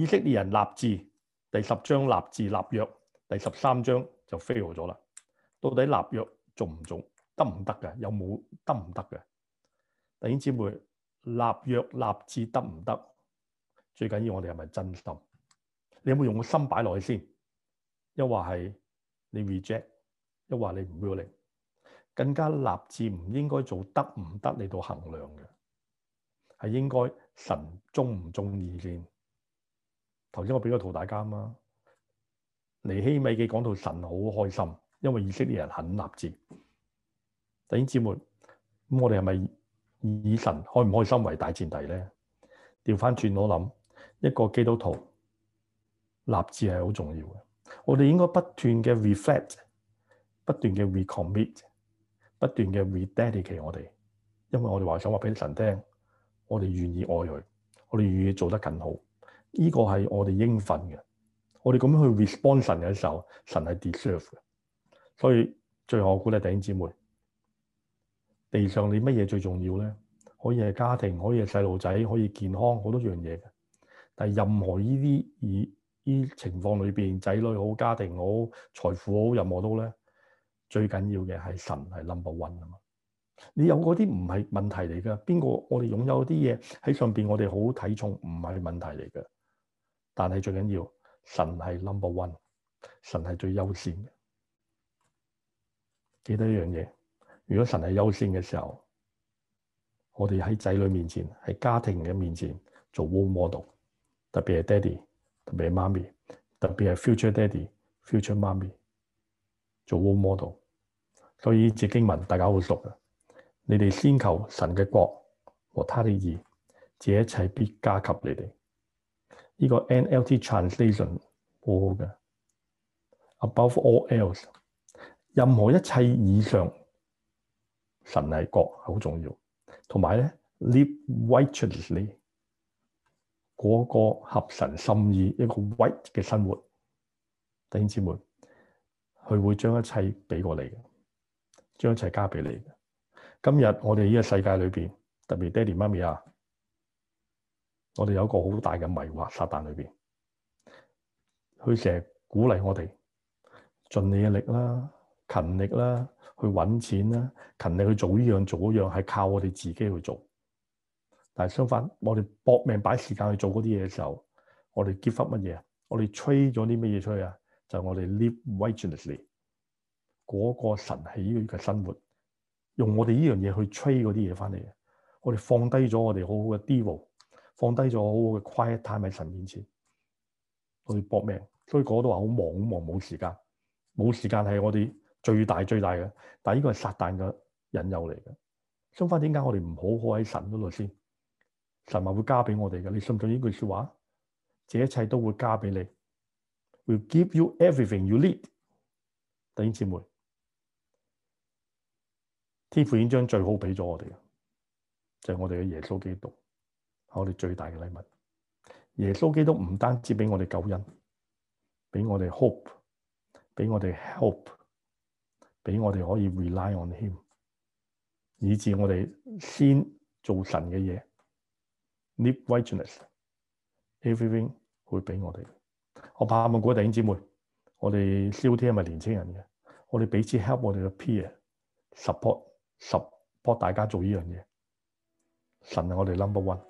以色列人立志，第十章立志立約，第十三章就 fail 咗啦。到底立約做唔做得唔得㗎，有冇得唔得㗎？弟兄姊妹，立約立志得唔得？最緊要我哋係咪真心？你有冇用個心擺落去先？一話係你 reject，一話你唔 willing。更加立志唔應該做得唔得嚟，到衡量嘅，係應該神鍾唔鍾意先。頭先我俾個圖大家嘛，尼希米記講到神好開心，因為以色列人很立志。弟兄姊妹，咁我哋係咪以神開唔開心為大前提呢？調翻轉我諗，一個基督徒立志係好重要嘅。我哋應該不斷嘅 reflect，不斷嘅 recommit，不斷嘅 rededicate 我哋，因為我哋話想話俾神聽，我哋願意愛佢，我哋願意做得更好。呢個係我哋應份嘅，我哋咁樣去 respond 神嘅時候，神係 deserve 嘅。所以最後我鼓勵弟兄姊妹，地上你乜嘢最重要咧？可以係家庭，可以係細路仔，可以健康，好多樣嘢嘅。但係任何呢啲以呢情況裏邊，仔女好、家庭好、財富好、任何都咧，最緊要嘅係神係 number one 啊嘛。你有嗰啲唔係問題嚟噶，邊個我哋擁有啲嘢喺上邊，我哋好好睇重，唔係問題嚟嘅。但係最緊要，神係 number one，神係最優先嘅。記得一樣嘢，如果神係優先嘅時候，我哋喺仔女面前，喺家庭嘅面前做 warm model，特別係爹哋，特別係媽咪，特別係 future 爹哋，future 媽咪做 warm model。所以呢節經文大家好熟噶，你哋先求神嘅國和祂的義，這一切必加給你哋。呢個 NLT translation 好好嘅。Above all else，任何一切以上，神嘅國好重要。同埋咧，live righteously，嗰個合神心意一個 right 嘅生活，弟兄姊妹，佢會將一切俾過你，將一切加俾你。今日我哋依個世界裏面，特別爹地媽咪啊！我哋有一個好大嘅迷惑，撒旦裏面，佢成日鼓勵我哋盡你嘅力啦，勤力啦，去搵錢啦，勤力去做呢樣做嗰樣，係靠我哋自己去做。但相反，我哋搏命擺時間去做嗰啲嘢嘅時候，我哋 give up 乜嘢啊？我哋吹咗啲咩嘢出去啊？就是、我哋 live w a s t e s s l y 嗰個神喜悅嘅生活，用我哋呢樣嘢去吹嗰啲嘢翻嚟。我哋放低咗我哋好好嘅 d e v o 放低咗好好嘅 quiet time 喺神面前，我哋搏命，所以個個都話好忙，好忙，冇時間，冇時間係我哋最大最大嘅。但係呢個係撒旦嘅引誘嚟嘅。相翻點解我哋唔好好喺神嗰度先？神話會加俾我哋嘅，你信唔信呢句說話？這一切都會加俾你 We'll give you everything you need。弟兄姊妹，天父已經將最好俾咗我哋啦，就係、是、我哋嘅耶穌基督。我哋最大嘅禮物，耶穌基督唔單止俾我哋救恩，俾我哋 hope，俾我哋 help，俾我哋可以 rely on him，以致我哋先做神嘅嘢，live virtuous，everything 會俾我哋。我盼望各位弟兄姊妹，我哋燒天係咪年青人嘅？我哋彼此 help 我哋嘅 peer，support support 大家做呢樣嘢。神係我哋 number one。